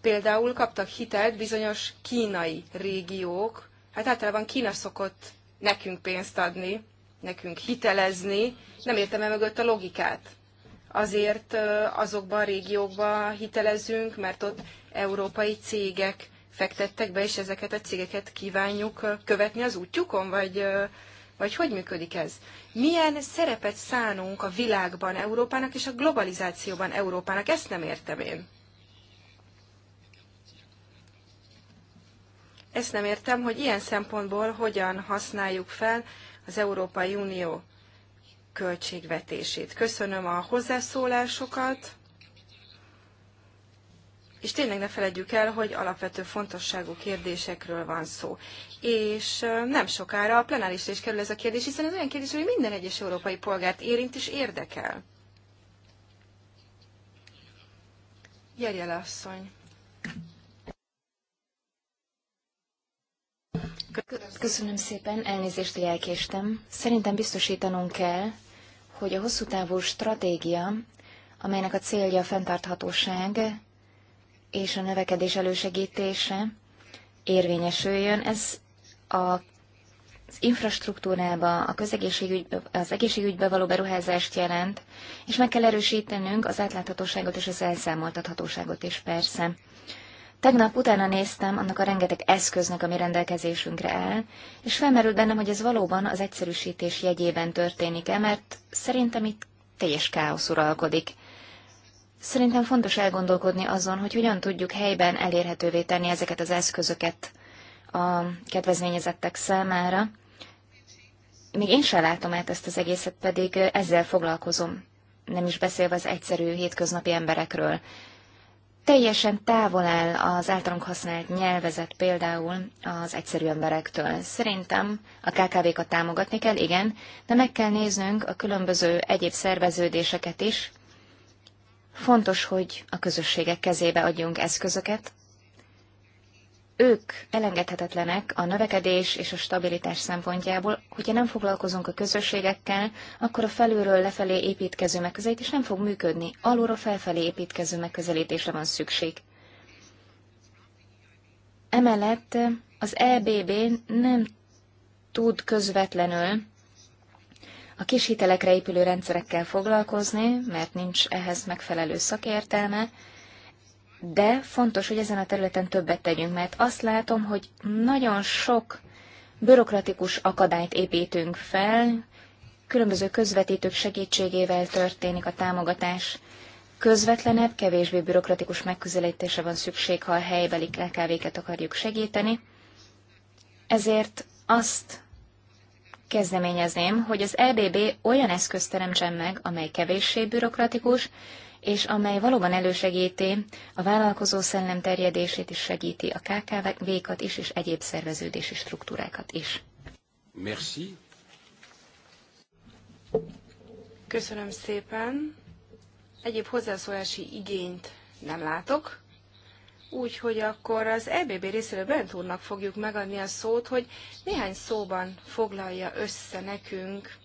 Például kaptak hitelt bizonyos kínai régiók, hát általában Kína szokott nekünk pénzt adni, nekünk hitelezni, nem értem el mögött a logikát azért azokban a régiókban hitelezünk, mert ott európai cégek fektettek be, és ezeket a cégeket kívánjuk követni az útjukon, vagy, vagy hogy működik ez? Milyen szerepet szánunk a világban Európának és a globalizációban Európának? Ezt nem értem én. Ezt nem értem, hogy ilyen szempontból hogyan használjuk fel az Európai Unió költségvetését. Köszönöm a hozzászólásokat, és tényleg ne feledjük el, hogy alapvető fontosságú kérdésekről van szó. És nem sokára a plenárisra is kerül ez a kérdés, hiszen ez olyan kérdés, ami minden egyes európai polgárt érint és érdekel. Jerjele asszony. Köszönöm szépen, elnézést, hogy elkéstem. Szerintem biztosítanunk kell, hogy a hosszú távú stratégia, amelynek a célja a fenntarthatóság és a növekedés elősegítése érvényesüljön, ez a az infrastruktúrába, a közegészségügybe, az egészségügybe való beruházást jelent, és meg kell erősítenünk az átláthatóságot és az elszámoltathatóságot is persze. Tegnap utána néztem annak a rengeteg eszköznek, ami rendelkezésünkre áll, és felmerült bennem, hogy ez valóban az egyszerűsítés jegyében történik-e, mert szerintem itt teljes káosz uralkodik. Szerintem fontos elgondolkodni azon, hogy hogyan tudjuk helyben elérhetővé tenni ezeket az eszközöket a kedvezményezettek számára. Még én sem látom át ezt az egészet, pedig ezzel foglalkozom, nem is beszélve az egyszerű hétköznapi emberekről teljesen távol áll az általunk használt nyelvezet például az egyszerű emberektől. Szerintem a KKV-kat támogatni kell, igen, de meg kell néznünk a különböző egyéb szerveződéseket is. Fontos, hogy a közösségek kezébe adjunk eszközöket, ők elengedhetetlenek a növekedés és a stabilitás szempontjából. Hogyha nem foglalkozunk a közösségekkel, akkor a felülről lefelé építkező megközelítés nem fog működni. Alulról felfelé építkező megközelítésre van szükség. Emellett az EBB nem tud közvetlenül a kis hitelekre épülő rendszerekkel foglalkozni, mert nincs ehhez megfelelő szakértelme, de fontos, hogy ezen a területen többet tegyünk, mert azt látom, hogy nagyon sok bürokratikus akadályt építünk fel, különböző közvetítők segítségével történik a támogatás. Közvetlenebb, kevésbé bürokratikus megközelítése van szükség, ha a helybeli lkv ket akarjuk segíteni. Ezért azt kezdeményezném, hogy az EBB olyan eszközt teremtsen meg, amely kevéssé bürokratikus, és amely valóban elősegíti a vállalkozó szellem terjedését is segíti a KKV-kat is, és egyéb szerveződési struktúrákat is. Merci. Köszönöm szépen. Egyéb hozzászólási igényt nem látok. Úgyhogy akkor az EBB részéről Bent úrnak fogjuk megadni a szót, hogy néhány szóban foglalja össze nekünk,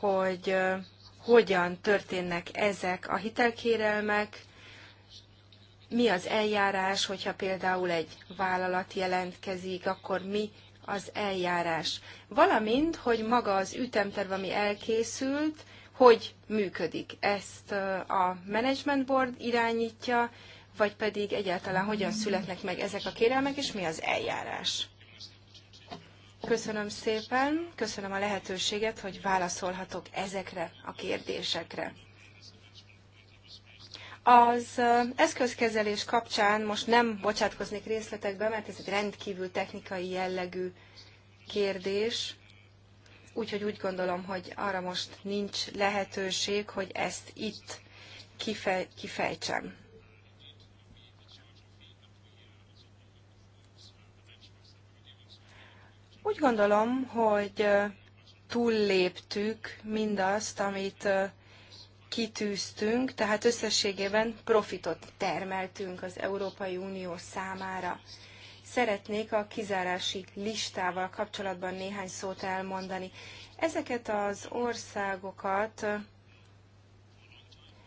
hogy hogyan történnek ezek a hitelkérelmek, mi az eljárás, hogyha például egy vállalat jelentkezik, akkor mi az eljárás. Valamint, hogy maga az ütemterv, ami elkészült, hogy működik. Ezt a Management Board irányítja, vagy pedig egyáltalán hogyan születnek meg ezek a kérelmek, és mi az eljárás. Köszönöm szépen, köszönöm a lehetőséget, hogy válaszolhatok ezekre a kérdésekre. Az eszközkezelés kapcsán most nem bocsátkoznék részletekbe, mert ez egy rendkívül technikai jellegű kérdés, úgyhogy úgy gondolom, hogy arra most nincs lehetőség, hogy ezt itt kifej, kifejtsem. Úgy gondolom, hogy túlléptük mindazt, amit kitűztünk, tehát összességében profitot termeltünk az Európai Unió számára. Szeretnék a kizárási listával kapcsolatban néhány szót elmondani. Ezeket az országokat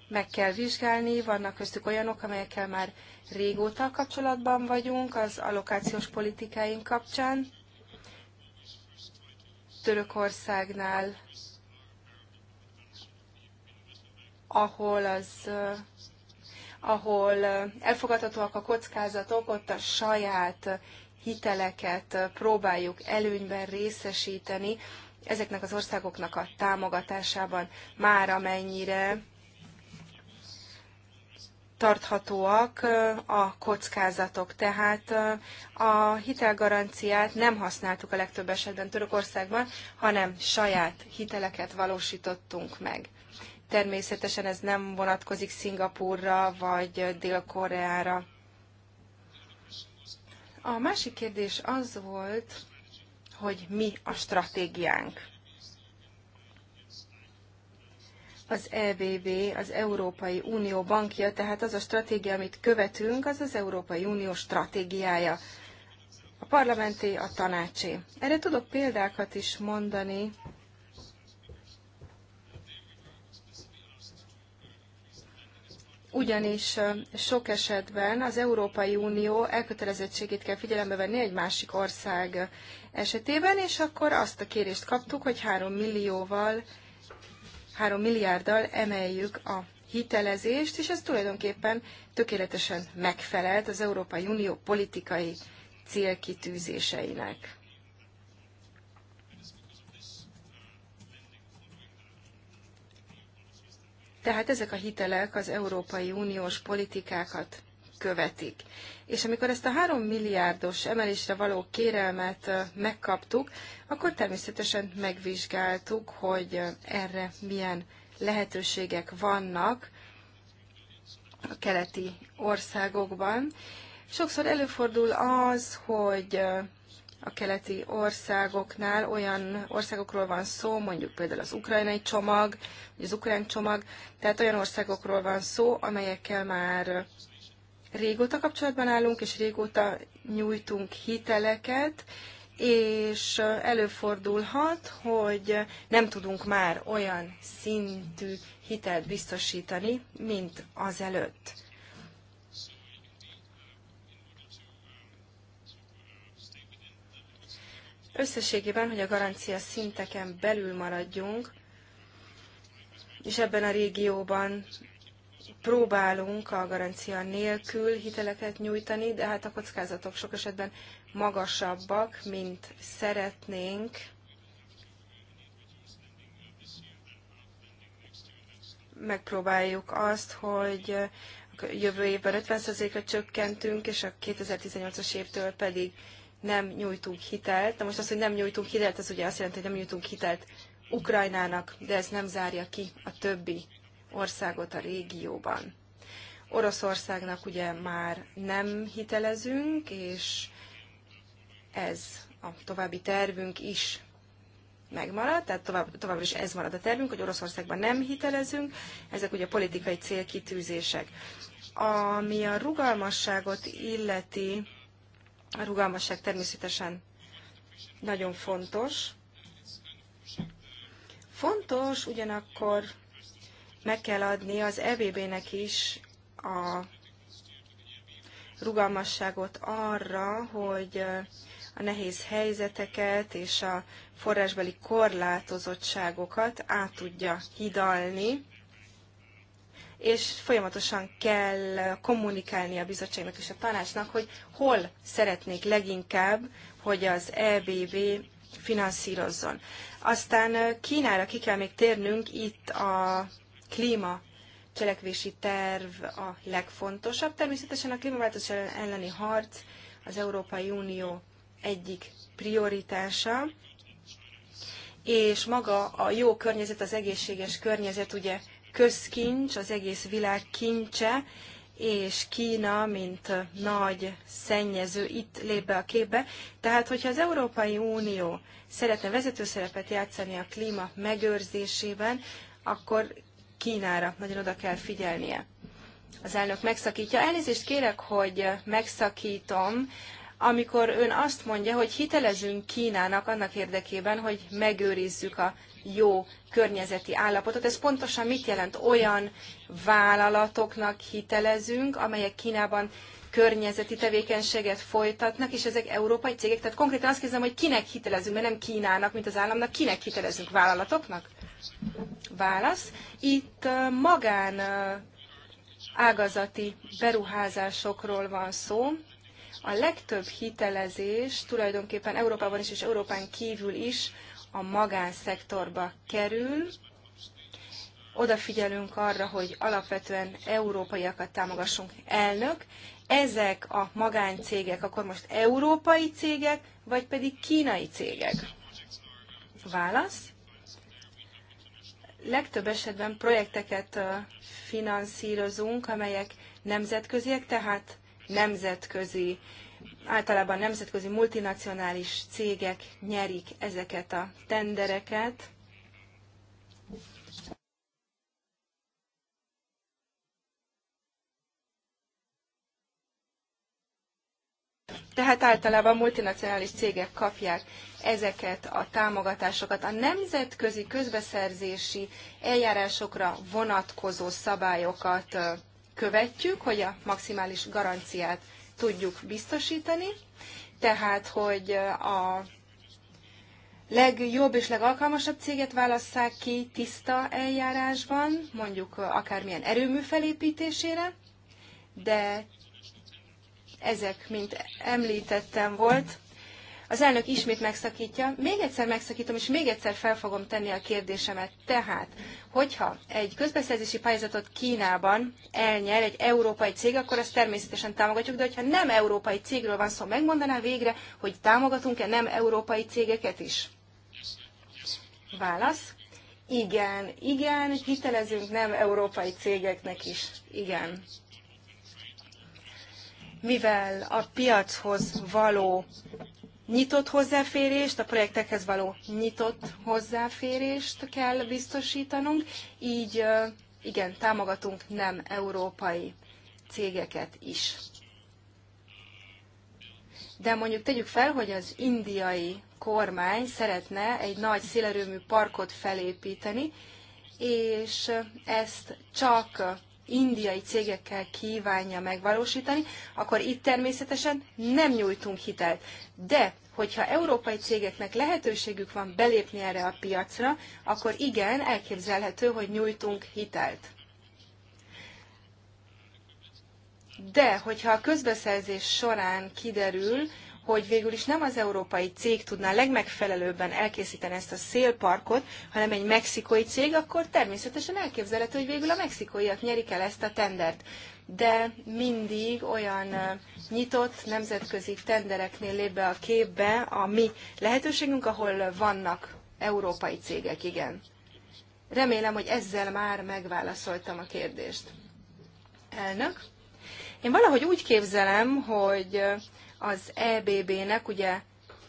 meg kell vizsgálni, vannak köztük olyanok, amelyekkel már régóta kapcsolatban vagyunk az allokációs politikáink kapcsán, Törökországnál, ahol az eh, ahol eh, elfogadhatóak a kockázatok, ott a saját hiteleket eh, próbáljuk előnyben részesíteni ezeknek az országoknak a támogatásában, már amennyire tarthatóak a kockázatok. Tehát a hitelgaranciát nem használtuk a legtöbb esetben Törökországban, hanem saját hiteleket valósítottunk meg. Természetesen ez nem vonatkozik Szingapurra vagy Dél-Koreára. A másik kérdés az volt, hogy mi a stratégiánk. az EBB, az Európai Unió bankja, tehát az a stratégia, amit követünk, az az Európai Unió stratégiája. A parlamenté, a tanácsé. Erre tudok példákat is mondani. Ugyanis sok esetben az Európai Unió elkötelezettségét kell figyelembe venni egy másik ország esetében, és akkor azt a kérést kaptuk, hogy három millióval 3 milliárddal emeljük a hitelezést, és ez tulajdonképpen tökéletesen megfelelt az Európai Unió politikai célkitűzéseinek. Tehát ezek a hitelek az Európai Uniós politikákat követik. És amikor ezt a három milliárdos emelésre való kérelmet megkaptuk, akkor természetesen megvizsgáltuk, hogy erre milyen lehetőségek vannak a keleti országokban. Sokszor előfordul az, hogy a keleti országoknál olyan országokról van szó, mondjuk például az ukrajnai csomag, vagy az ukrán csomag, tehát olyan országokról van szó, amelyekkel már régóta kapcsolatban állunk, és régóta nyújtunk hiteleket, és előfordulhat, hogy nem tudunk már olyan szintű hitelt biztosítani, mint azelőtt. Összességében, hogy a garancia szinteken belül maradjunk, és ebben a régióban próbálunk a garancia nélkül hiteleket nyújtani, de hát a kockázatok sok esetben magasabbak, mint szeretnénk. Megpróbáljuk azt, hogy jövő évben 50%-ra csökkentünk, és a 2018-as évtől pedig nem nyújtunk hitelt. De most az, hogy nem nyújtunk hitelt, az ugye azt jelenti, hogy nem nyújtunk hitelt Ukrajnának, de ez nem zárja ki a többi országot a régióban. Oroszországnak ugye már nem hitelezünk, és ez a további tervünk is megmarad, tehát tovább, tovább is ez marad a tervünk, hogy Oroszországban nem hitelezünk, ezek ugye politikai célkitűzések. Ami a rugalmasságot illeti, a rugalmasság természetesen nagyon fontos. Fontos ugyanakkor meg kell adni az EBB-nek is a rugalmasságot arra, hogy a nehéz helyzeteket és a forrásbeli korlátozottságokat át tudja hidalni, és folyamatosan kell kommunikálni a bizottságnak és a tanácsnak, hogy hol szeretnék leginkább, hogy az EBB finanszírozzon. Aztán Kínára ki kell még térnünk, itt a klíma cselekvési terv a legfontosabb. Természetesen a klímaváltozás elleni harc az Európai Unió egyik prioritása, és maga a jó környezet, az egészséges környezet ugye közkincs, az egész világ kincse, és Kína, mint nagy szennyező itt lép be a képbe. Tehát, hogyha az Európai Unió szeretne vezető szerepet játszani a klíma megőrzésében, akkor Kínára nagyon oda kell figyelnie. Az elnök megszakítja. Elnézést kérek, hogy megszakítom, amikor ön azt mondja, hogy hitelezünk Kínának annak érdekében, hogy megőrizzük a jó környezeti állapotot. Ez pontosan mit jelent? Olyan vállalatoknak hitelezünk, amelyek Kínában környezeti tevékenységet folytatnak, és ezek európai cégek. Tehát konkrétan azt kérdezem, hogy kinek hitelezünk, mert nem Kínának, mint az államnak, kinek hitelezünk vállalatoknak? Válasz. Itt magán ágazati beruházásokról van szó. A legtöbb hitelezés tulajdonképpen Európában is és Európán kívül is a magánszektorba kerül. Odafigyelünk arra, hogy alapvetően európaiakat támogassunk. Elnök, ezek a magáncégek akkor most európai cégek, vagy pedig kínai cégek? Válasz legtöbb esetben projekteket finanszírozunk, amelyek nemzetköziek, tehát nemzetközi, általában nemzetközi multinacionális cégek nyerik ezeket a tendereket, tehát általában multinacionális cégek kapják ezeket a támogatásokat. A nemzetközi közbeszerzési eljárásokra vonatkozó szabályokat követjük, hogy a maximális garanciát tudjuk biztosítani, tehát hogy a legjobb és legalkalmasabb céget válasszák ki tiszta eljárásban, mondjuk akármilyen erőmű felépítésére, de ezek, mint említettem, volt. Az elnök ismét megszakítja, még egyszer megszakítom, és még egyszer fel fogom tenni a kérdésemet. Tehát, hogyha egy közbeszerzési pályázatot Kínában elnyer egy európai cég, akkor azt természetesen támogatjuk, de hogyha nem európai cégről van szó, megmondaná végre, hogy támogatunk-e nem európai cégeket is? Válasz. Igen, igen, hitelezünk nem európai cégeknek is. Igen mivel a piachoz való nyitott hozzáférést, a projektekhez való nyitott hozzáférést kell biztosítanunk, így igen, támogatunk nem európai cégeket is. De mondjuk tegyük fel, hogy az indiai kormány szeretne egy nagy szélerőmű parkot felépíteni, és ezt csak indiai cégekkel kívánja megvalósítani, akkor itt természetesen nem nyújtunk hitelt. De hogyha európai cégeknek lehetőségük van belépni erre a piacra, akkor igen, elképzelhető, hogy nyújtunk hitelt. De hogyha a közbeszerzés során kiderül, hogy végül is nem az európai cég tudná legmegfelelőbben elkészíteni ezt a szélparkot, hanem egy mexikói cég, akkor természetesen elképzelhető, hogy végül a mexikóiak nyerik el ezt a tendert. De mindig olyan nyitott nemzetközi tendereknél lép be a képbe a mi lehetőségünk, ahol vannak európai cégek, igen. Remélem, hogy ezzel már megválaszoltam a kérdést. Elnök? Én valahogy úgy képzelem, hogy az EBB-nek ugye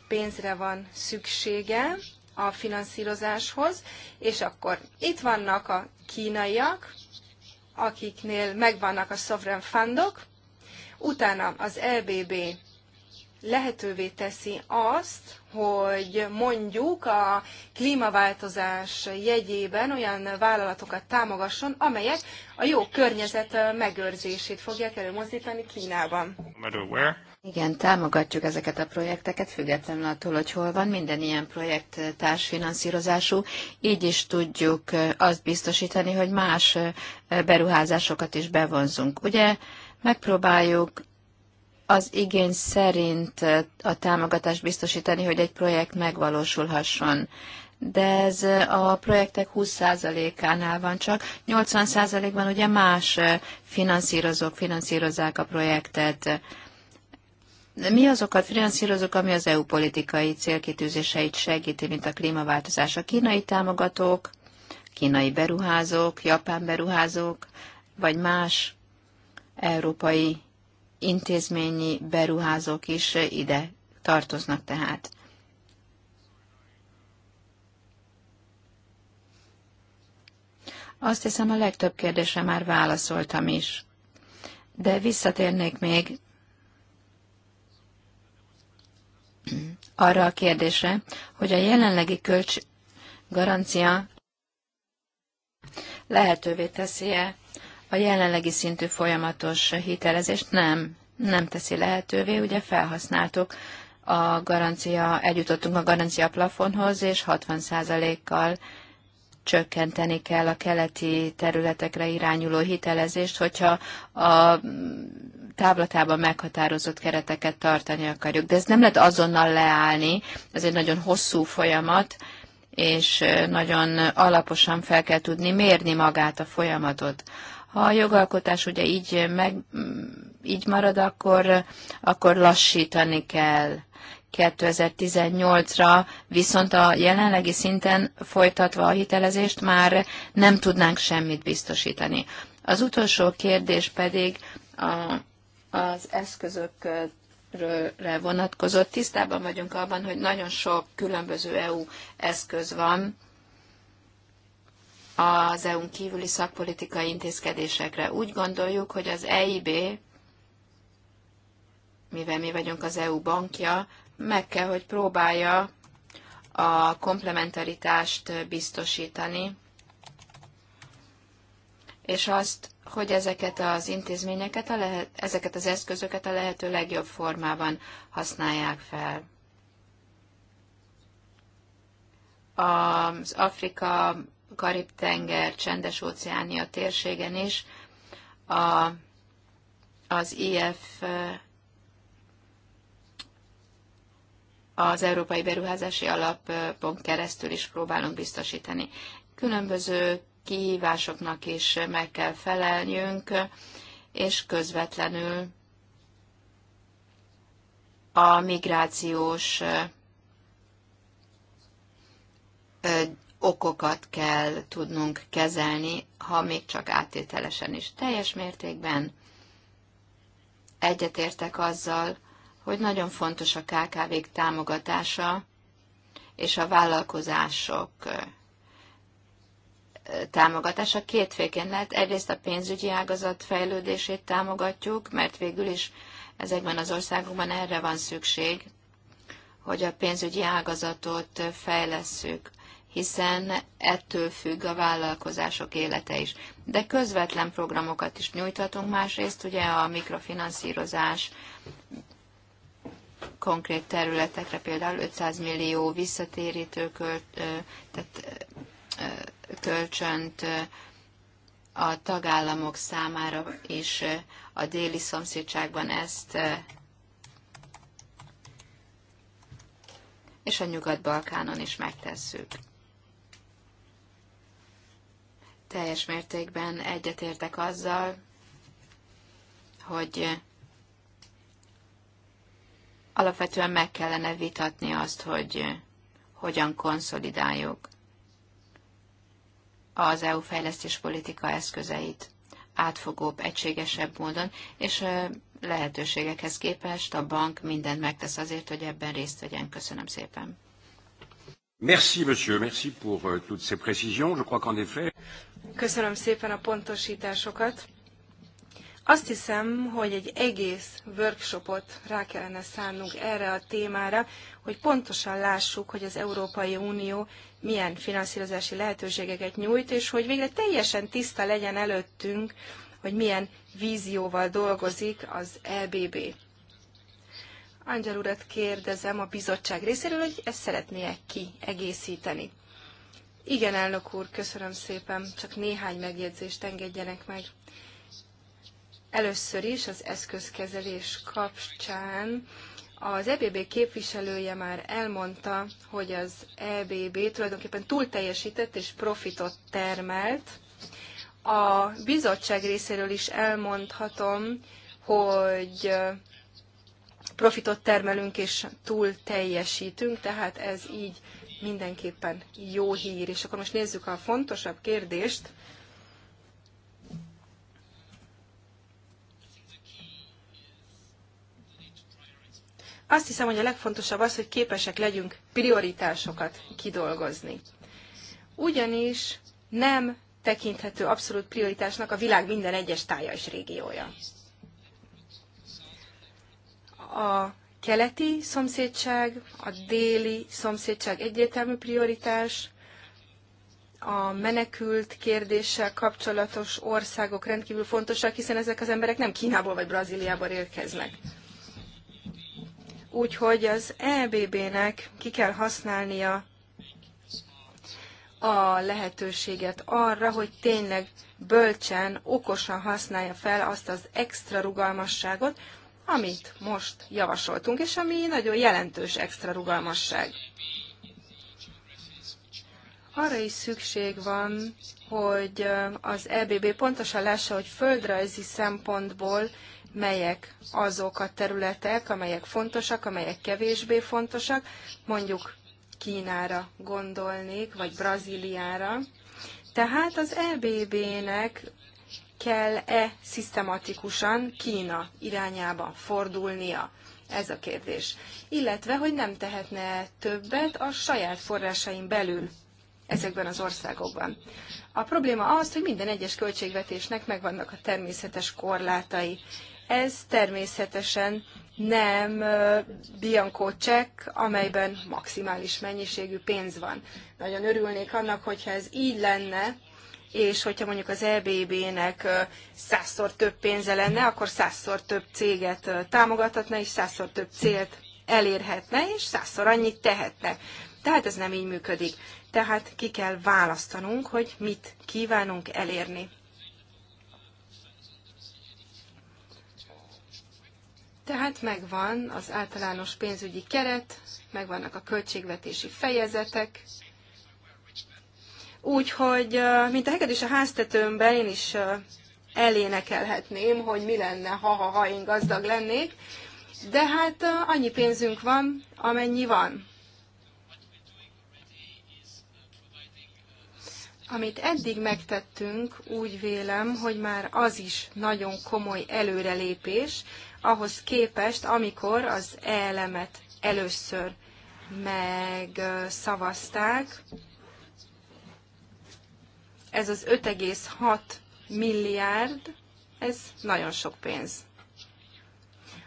pénzre van szüksége a finanszírozáshoz, és akkor itt vannak a kínaiak, akiknél megvannak a sovereign fundok, utána az EBB lehetővé teszi azt, hogy mondjuk a klímaváltozás jegyében olyan vállalatokat támogasson, amelyek a jó környezet megőrzését fogják előmozdítani Kínában. Igen, támogatjuk ezeket a projekteket, függetlenül attól, hogy hol van. Minden ilyen projekt társfinanszírozású. Így is tudjuk azt biztosítani, hogy más beruházásokat is bevonzunk. Ugye megpróbáljuk az igény szerint a támogatást biztosítani, hogy egy projekt megvalósulhasson. De ez a projektek 20%-ánál van csak. 80%-ban ugye más finanszírozók finanszírozzák a projektet mi azokat finanszírozók, ami az EU politikai célkitűzéseit segíti, mint a klímaváltozás. A kínai támogatók, kínai beruházók, japán beruházók, vagy más európai intézményi beruházók is ide tartoznak tehát. Azt hiszem, a legtöbb kérdésre már válaszoltam is. De visszatérnék még arra a kérdésre, hogy a jelenlegi kölcs garancia lehetővé teszi-e a jelenlegi szintű folyamatos hitelezést? Nem, nem teszi lehetővé, ugye felhasználtuk a garancia, eljutottunk a garancia plafonhoz, és 60%-kal csökkenteni kell a keleti területekre irányuló hitelezést, hogyha a távlatában meghatározott kereteket tartani akarjuk. De ez nem lehet azonnal leállni, ez egy nagyon hosszú folyamat, és nagyon alaposan fel kell tudni mérni magát a folyamatot. Ha a jogalkotás ugye így, meg, mm, így marad, akkor, akkor lassítani kell. 2018-ra, viszont a jelenlegi szinten folytatva a hitelezést már nem tudnánk semmit biztosítani. Az utolsó kérdés pedig a, az eszközökre vonatkozott. Tisztában vagyunk abban, hogy nagyon sok különböző EU eszköz van az EU-n kívüli szakpolitikai intézkedésekre. Úgy gondoljuk, hogy az EIB, mivel mi vagyunk az EU bankja, meg kell, hogy próbálja a komplementaritást biztosítani és azt, hogy ezeket az intézményeket, a lehet, ezeket az eszközöket a lehető legjobb formában használják fel. Az Afrika, Karib-tenger, Csendes-óceánia térségen is a, az IF az Európai Beruházási Alapon keresztül is próbálunk biztosítani. Különböző kihívásoknak is meg kell felelnünk, és közvetlenül a migrációs okokat kell tudnunk kezelni, ha még csak áttételesen is. Teljes mértékben egyetértek azzal, hogy nagyon fontos a KKV-k támogatása és a vállalkozások támogatása kétféken lehet. Egyrészt a pénzügyi ágazat fejlődését támogatjuk, mert végül is ezekben az országokban erre van szükség, hogy a pénzügyi ágazatot fejlesszük, hiszen ettől függ a vállalkozások élete is. De közvetlen programokat is nyújthatunk, másrészt ugye a mikrofinanszírozás konkrét területekre, például 500 millió visszatérítő költ, tehát kölcsönt a tagállamok számára és a déli szomszédságban ezt és a Nyugat-Balkánon is megtesszük. Teljes mértékben egyetértek azzal, hogy alapvetően meg kellene vitatni azt, hogy hogyan konszolidáljuk az EU fejlesztés politika eszközeit átfogóbb, egységesebb módon, és lehetőségekhez képest a bank mindent megtesz azért, hogy ebben részt vegyen. Köszönöm szépen. Merci, monsieur. Merci pour euh, toutes ces précisions. Je crois qu'en effet... Köszönöm szépen a pontosításokat. Azt hiszem, hogy egy egész workshopot rá kellene szánnunk erre a témára, hogy pontosan lássuk, hogy az Európai Unió milyen finanszírozási lehetőségeket nyújt, és hogy végre teljesen tiszta legyen előttünk, hogy milyen vízióval dolgozik az EBB. Angyal urat kérdezem a bizottság részéről, hogy ezt szeretné-e kiegészíteni. Igen, elnök úr, köszönöm szépen, csak néhány megjegyzést engedjenek meg. Először is az eszközkezelés kapcsán az EBB képviselője már elmondta, hogy az EBB tulajdonképpen túl teljesített és profitot termelt. A bizottság részéről is elmondhatom, hogy profitot termelünk és túl teljesítünk, tehát ez így mindenképpen jó hír. És akkor most nézzük a fontosabb kérdést, Azt hiszem, hogy a legfontosabb az, hogy képesek legyünk prioritásokat kidolgozni. Ugyanis nem tekinthető abszolút prioritásnak a világ minden egyes tája és régiója. A keleti szomszédság, a déli szomszédság egyértelmű prioritás, a menekült kérdéssel kapcsolatos országok rendkívül fontosak, hiszen ezek az emberek nem Kínából vagy Brazíliából érkeznek. Úgyhogy az EBB-nek ki kell használnia a lehetőséget arra, hogy tényleg bölcsen, okosan használja fel azt az extra rugalmasságot, amit most javasoltunk, és ami nagyon jelentős extra rugalmasság. Arra is szükség van, hogy az EBB pontosan lássa, hogy földrajzi szempontból melyek azok a területek, amelyek fontosak, amelyek kevésbé fontosak, mondjuk Kínára gondolnék, vagy Brazíliára. Tehát az EBB-nek kell-e szisztematikusan Kína irányába fordulnia? Ez a kérdés. Illetve, hogy nem tehetne többet a saját forrásain belül ezekben az országokban. A probléma az, hogy minden egyes költségvetésnek megvannak a természetes korlátai. Ez természetesen nem bianco check, amelyben maximális mennyiségű pénz van. Nagyon örülnék annak, hogyha ez így lenne, és hogyha mondjuk az EBB-nek százszor több pénze lenne, akkor százszor több céget támogathatna, és százszor több célt elérhetne, és százszor annyit tehetne. Tehát ez nem így működik. Tehát ki kell választanunk, hogy mit kívánunk elérni. Tehát megvan az általános pénzügyi keret, megvannak a költségvetési fejezetek, Úgyhogy, mint a heged is a háztetőmben, én is elénekelhetném, hogy mi lenne, ha, ha, ha én gazdag lennék. De hát annyi pénzünk van, amennyi van. Amit eddig megtettünk, úgy vélem, hogy már az is nagyon komoly előrelépés, ahhoz képest, amikor az elemet először megszavazták. Ez az 5,6 milliárd, ez nagyon sok pénz.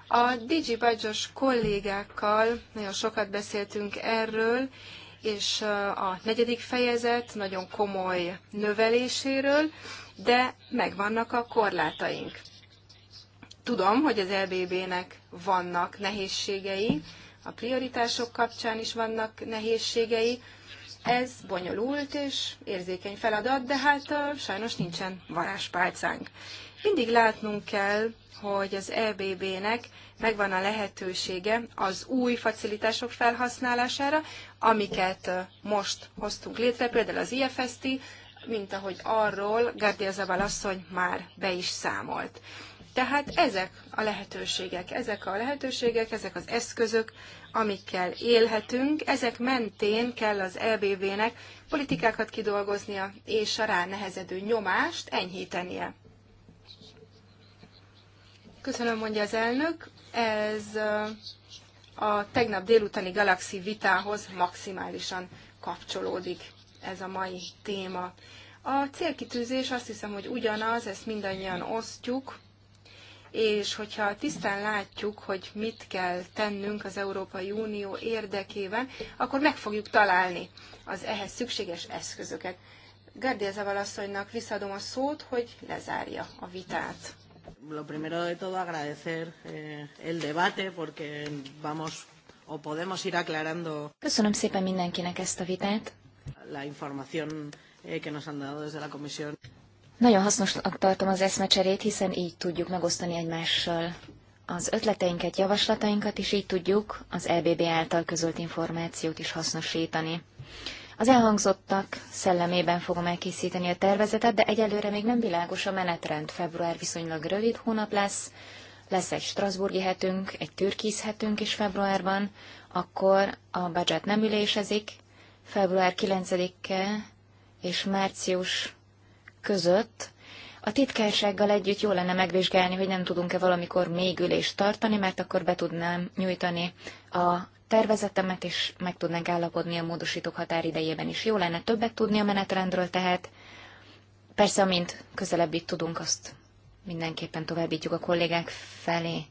A Digi Budgers kollégákkal nagyon sokat beszéltünk erről, és uh, a negyedik fejezet nagyon komoly növeléséről, de megvannak a korlátaink. Tudom, hogy az ebb nek vannak nehézségei, a prioritások kapcsán is vannak nehézségei. Ez bonyolult és érzékeny feladat, de hát sajnos nincsen varázspálcánk. Mindig látnunk kell, hogy az EBB-nek megvan a lehetősége az új facilitások felhasználására, amiket most hoztunk létre, például az IFST, mint ahogy arról Gárdia Zabal asszony már be is számolt. Tehát ezek a lehetőségek, ezek a lehetőségek, ezek az eszközök, amikkel élhetünk, ezek mentén kell az EBV-nek politikákat kidolgoznia és a rá nehezedő nyomást enyhítenie. Köszönöm, mondja az elnök. Ez a tegnap délutáni galaxi vitához maximálisan kapcsolódik ez a mai téma. A célkitűzés azt hiszem, hogy ugyanaz, ezt mindannyian osztjuk és hogyha tisztán látjuk, hogy mit kell tennünk az Európai Unió érdekében, akkor meg fogjuk találni az ehhez szükséges eszközöket. Gárdia Zavalasszonynak visszadom a szót, hogy lezárja a vitát. Lo primero de todo agradecer eh, el debate porque vamos o podemos ir aclarando. Köszönöm szépen mindenkinek ezt a vitát. La información eh, que nos han dado desde la comisión. Nagyon hasznosnak tartom az eszmecserét, hiszen így tudjuk megosztani egymással az ötleteinket, javaslatainkat, és így tudjuk az EBB által közölt információt is hasznosítani. Az elhangzottak szellemében fogom elkészíteni a tervezetet, de egyelőre még nem világos a menetrend. Február viszonylag rövid hónap lesz, lesz egy Strasburgi hetünk, egy Türkisz hetünk is februárban, akkor a budget nem ülésezik, február 9-e és március között. A titkársággal együtt jó lenne megvizsgálni, hogy nem tudunk-e valamikor még ülést tartani, mert akkor be tudnám nyújtani a tervezetemet, és meg tudnánk állapodni a módosítók határidejében is. Jó lenne többet tudni a menetrendről, tehát persze, amint közelebb itt tudunk, azt mindenképpen továbbítjuk a kollégák felé.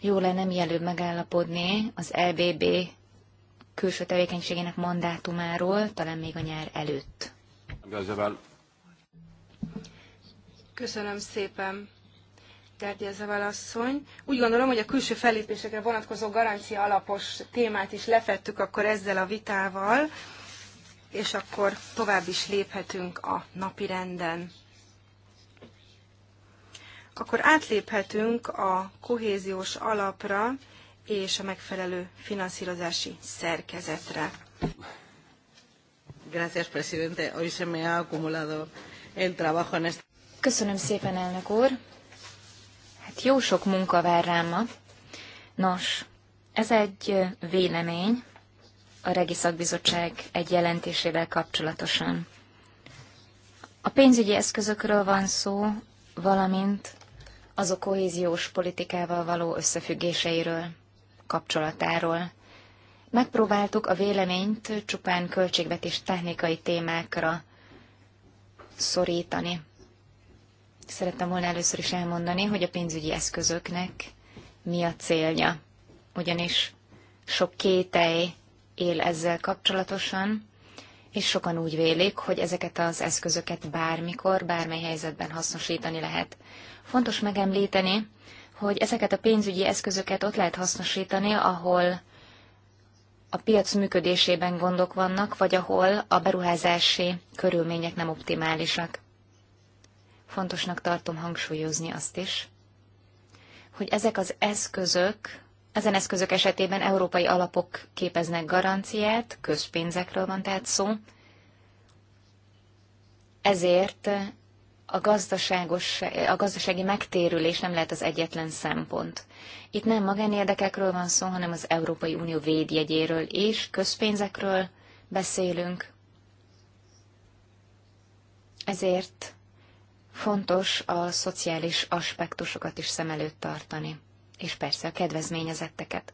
Jó lenne mielőbb megállapodni az LBB e külső tevékenységének mandátumáról, talán még a nyár előtt. Köszönöm szépen, Tergyezevel asszony. Úgy gondolom, hogy a külső fellépésekre vonatkozó garancia alapos témát is lefettük akkor ezzel a vitával, és akkor tovább is léphetünk a napi renden. Akkor átléphetünk a kohéziós alapra, és a megfelelő finanszírozási szerkezetre. Gracias, presidente. Hoy se me ha acumulado el trabajo en este... Köszönöm szépen, elnök úr. Hát jó sok munka vár rám ma. Nos, ez egy vélemény a Regi Szakbizottság egy jelentésével kapcsolatosan. A pénzügyi eszközökről van szó, valamint azok kohéziós politikával való összefüggéseiről kapcsolatáról. Megpróbáltuk a véleményt csupán költségvetés technikai témákra szorítani. Szerettem volna először is elmondani, hogy a pénzügyi eszközöknek mi a célja. Ugyanis sok kétej él ezzel kapcsolatosan, és sokan úgy vélik, hogy ezeket az eszközöket bármikor, bármely helyzetben hasznosítani lehet. Fontos megemlíteni, hogy ezeket a pénzügyi eszközöket ott lehet hasznosítani, ahol a piac működésében gondok vannak, vagy ahol a beruházási körülmények nem optimálisak. Fontosnak tartom hangsúlyozni azt is, hogy ezek az eszközök, ezen eszközök esetében európai alapok képeznek garanciát, közpénzekről van tehát szó, ezért a, gazdaságos, a gazdasági megtérülés nem lehet az egyetlen szempont. Itt nem magánérdekekről van szó, hanem az Európai Unió védjegyéről és közpénzekről beszélünk. Ezért fontos a szociális aspektusokat is szem előtt tartani, és persze a kedvezményezetteket.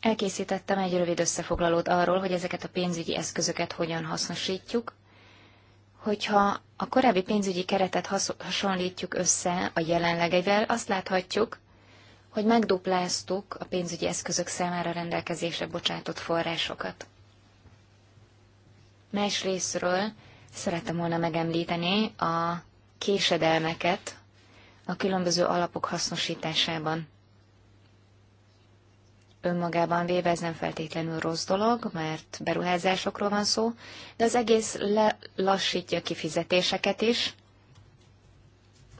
Elkészítettem egy rövid összefoglalót arról, hogy ezeket a pénzügyi eszközöket hogyan hasznosítjuk, Hogyha a korábbi pénzügyi keretet hasonlítjuk össze a jelenlegivel, azt láthatjuk, hogy megdupláztuk a pénzügyi eszközök számára rendelkezésre bocsátott forrásokat. Más részről szerettem volna megemlíteni a késedelmeket a különböző alapok hasznosításában önmagában véve ez nem feltétlenül rossz dolog, mert beruházásokról van szó, de az egész lelassítja a kifizetéseket is,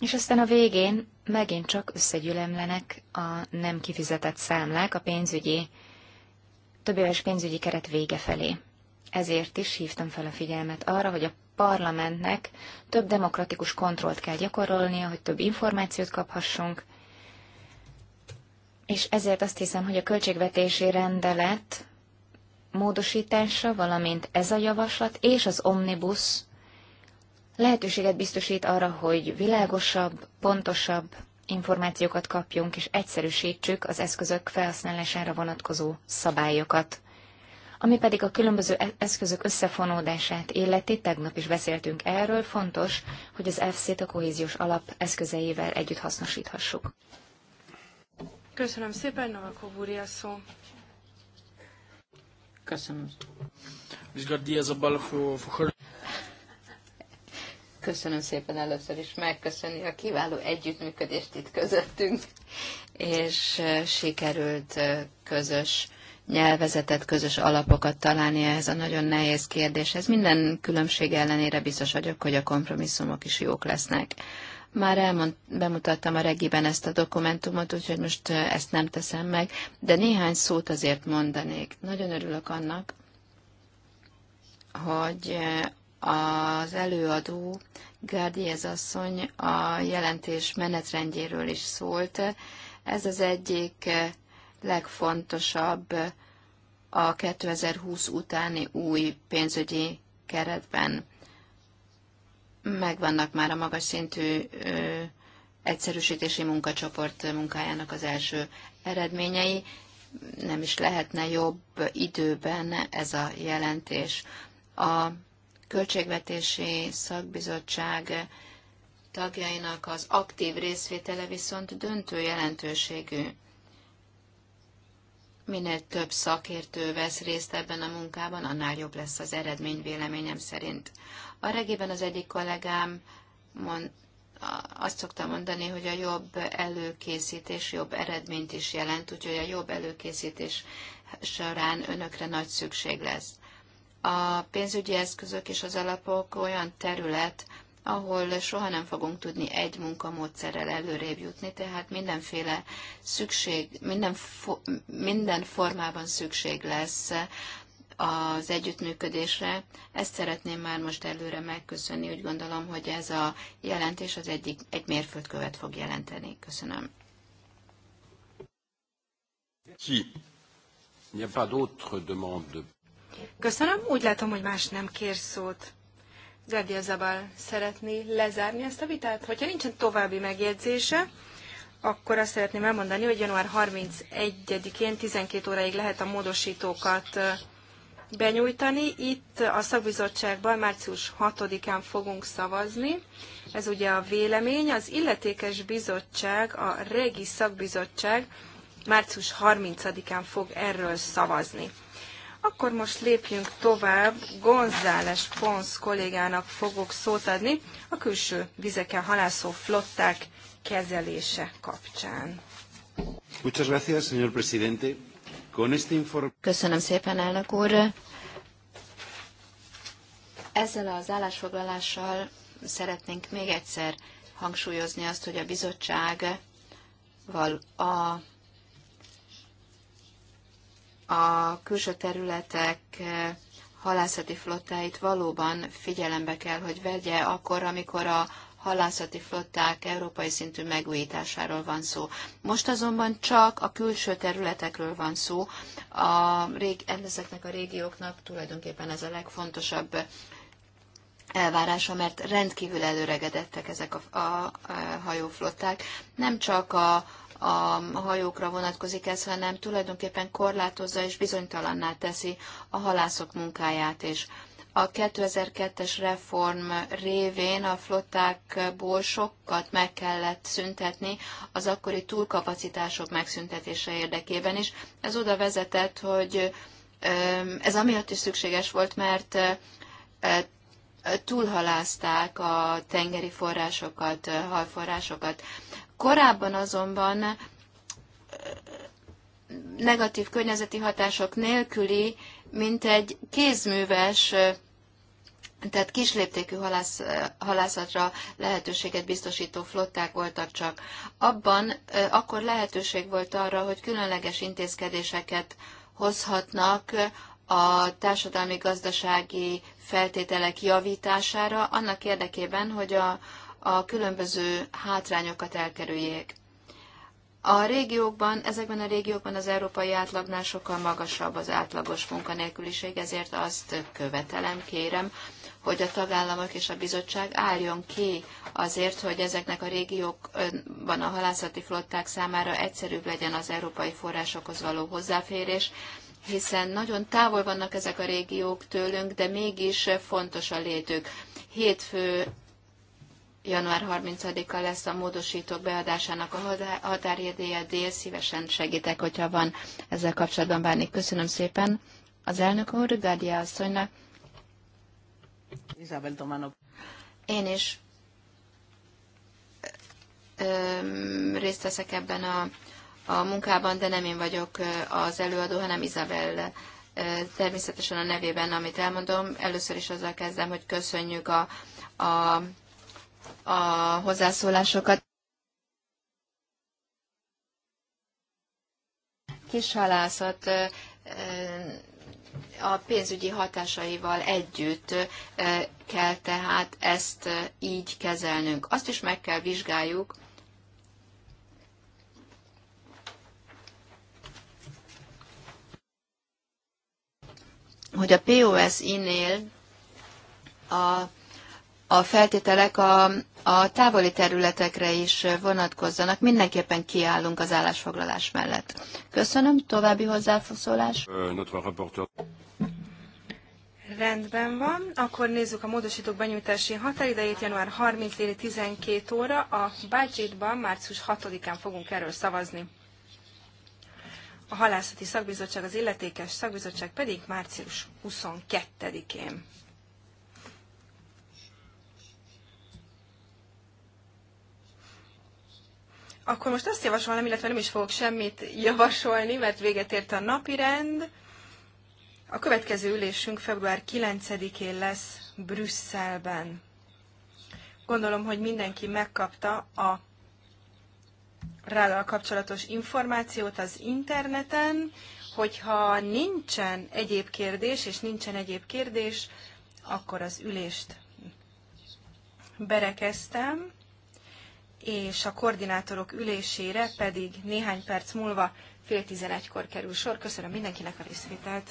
és aztán a végén megint csak összegyülemlenek a nem kifizetett számlák a pénzügyi, többéves pénzügyi keret vége felé. Ezért is hívtam fel a figyelmet arra, hogy a parlamentnek több demokratikus kontrollt kell gyakorolnia, hogy több információt kaphassunk, és ezért azt hiszem, hogy a költségvetési rendelet módosítása, valamint ez a javaslat és az omnibus lehetőséget biztosít arra, hogy világosabb, pontosabb információkat kapjunk, és egyszerűsítsük az eszközök felhasználására vonatkozó szabályokat. Ami pedig a különböző e- eszközök összefonódását illeti, tegnap is beszéltünk erről, fontos, hogy az FC-t a kohéziós alap eszközeivel együtt hasznosíthassuk. Köszönöm szépen, Novakov úr, a szó. Köszönöm. Köszönöm szépen először is megköszönni a kiváló együttműködést itt közöttünk, és sikerült közös nyelvezetet, közös alapokat találni ehhez a nagyon nehéz kérdéshez. Minden különbség ellenére biztos vagyok, hogy a kompromisszumok is jók lesznek. Már elmond, bemutattam a regiben ezt a dokumentumot, úgyhogy most ezt nem teszem meg, de néhány szót azért mondanék. Nagyon örülök annak, hogy az előadó Gárdiez asszony a jelentés menetrendjéről is szólt. Ez az egyik legfontosabb a 2020 utáni új pénzügyi keretben megvannak már a magas szintű ö, egyszerűsítési munkacsoport munkájának az első eredményei. Nem is lehetne jobb időben ez a jelentés. A Költségvetési Szakbizottság tagjainak az aktív részvétele viszont döntő jelentőségű. Minél több szakértő vesz részt ebben a munkában, annál jobb lesz az eredmény véleményem szerint. A regében az egyik kollégám mond, azt szokta mondani, hogy a jobb előkészítés jobb eredményt is jelent, úgyhogy a jobb előkészítés során önökre nagy szükség lesz. A pénzügyi eszközök és az alapok olyan terület, ahol soha nem fogunk tudni egy munkamódszerrel előrébb jutni, tehát mindenféle szükség, minden, fo- minden formában szükség lesz az együttműködésre. Ezt szeretném már most előre megköszönni. Úgy gondolom, hogy ez a jelentés az egyik, egy mérföldkövet fog jelenteni. Köszönöm. Köszönöm. Úgy látom, hogy más nem kér szót. Gerdia Zabal szeretné lezárni ezt a vitát. Hogyha nincsen további megjegyzése, akkor azt szeretném elmondani, hogy január 31-én 12 óráig lehet a módosítókat benyújtani. Itt a szakbizottságban március 6-án fogunk szavazni. Ez ugye a vélemény. Az illetékes bizottság, a régi szakbizottság március 30-án fog erről szavazni. Akkor most lépjünk tovább. González Pons kollégának fogok szót adni a külső vizeken halászó flották kezelése kapcsán. Muchas gracias, señor presidente. Köszönöm szépen, elnök úr. Ezzel az állásfoglalással szeretnénk még egyszer hangsúlyozni azt, hogy a bizottság a, a külső területek halászati flottáit valóban figyelembe kell, hogy vegye akkor, amikor a halászati flották európai szintű megújításáról van szó. Most azonban csak a külső területekről van szó. A régi, ezeknek a régióknak tulajdonképpen ez a legfontosabb elvárása, mert rendkívül előregedettek ezek a, a, a hajóflották. Nem csak a, a hajókra vonatkozik ez, hanem tulajdonképpen korlátozza és bizonytalanná teszi a halászok munkáját is. És a 2002-es reform révén a flottákból sokat meg kellett szüntetni az akkori túlkapacitások megszüntetése érdekében is. Ez oda vezetett, hogy ez amiatt is szükséges volt, mert túlhalázták a tengeri forrásokat, halforrásokat. Korábban azonban negatív környezeti hatások nélküli, mint egy kézműves tehát kisléptékű halász, halászatra lehetőséget biztosító flották voltak csak. Abban akkor lehetőség volt arra, hogy különleges intézkedéseket hozhatnak a társadalmi-gazdasági feltételek javítására, annak érdekében, hogy a, a különböző hátrányokat elkerüljék. A régiókban, ezekben a régiókban az európai átlagnál sokkal magasabb az átlagos munkanélküliség, ezért azt követelem, kérem, hogy a tagállamok és a bizottság álljon ki azért, hogy ezeknek a régiókban a halászati flották számára egyszerűbb legyen az európai forrásokhoz való hozzáférés, hiszen nagyon távol vannak ezek a régiók tőlünk, de mégis fontos a létük. Hétfő január 30-a lesz a módosítók beadásának a határjedéje, dél. Szívesen segítek, hogyha van ezzel kapcsolatban bármi. Köszönöm szépen az elnök úr, Gádia asszonynak. Isabel Tomano. Én is ö, részt veszek ebben a, a munkában, de nem én vagyok az előadó, hanem Izabel természetesen a nevében, amit elmondom. Először is azzal kezdem, hogy köszönjük a, a, a hozzászólásokat. halászat, a pénzügyi hatásaival együtt kell tehát ezt így kezelnünk. Azt is meg kell vizsgáljuk, hogy a POS-inél a, a feltételek a, a távoli területekre is vonatkozzanak. Mindenképpen kiállunk az állásfoglalás mellett. Köszönöm. További hozzászólás. Rendben van, akkor nézzük a módosítók benyújtási határidejét, január 30 déli 12 óra, a budgetban március 6-án fogunk erről szavazni. A halászati szakbizottság, az illetékes szakbizottság pedig március 22-én. Akkor most azt javasolnám, illetve nem is fogok semmit javasolni, mert véget ért a napi rend a következő ülésünk február 9-én lesz Brüsszelben. Gondolom, hogy mindenki megkapta a rádal kapcsolatos információt az interneten, hogyha nincsen egyéb kérdés, és nincsen egyéb kérdés, akkor az ülést berekeztem, és a koordinátorok ülésére pedig néhány perc múlva fél tizenegykor kerül sor. Köszönöm mindenkinek a részvételt!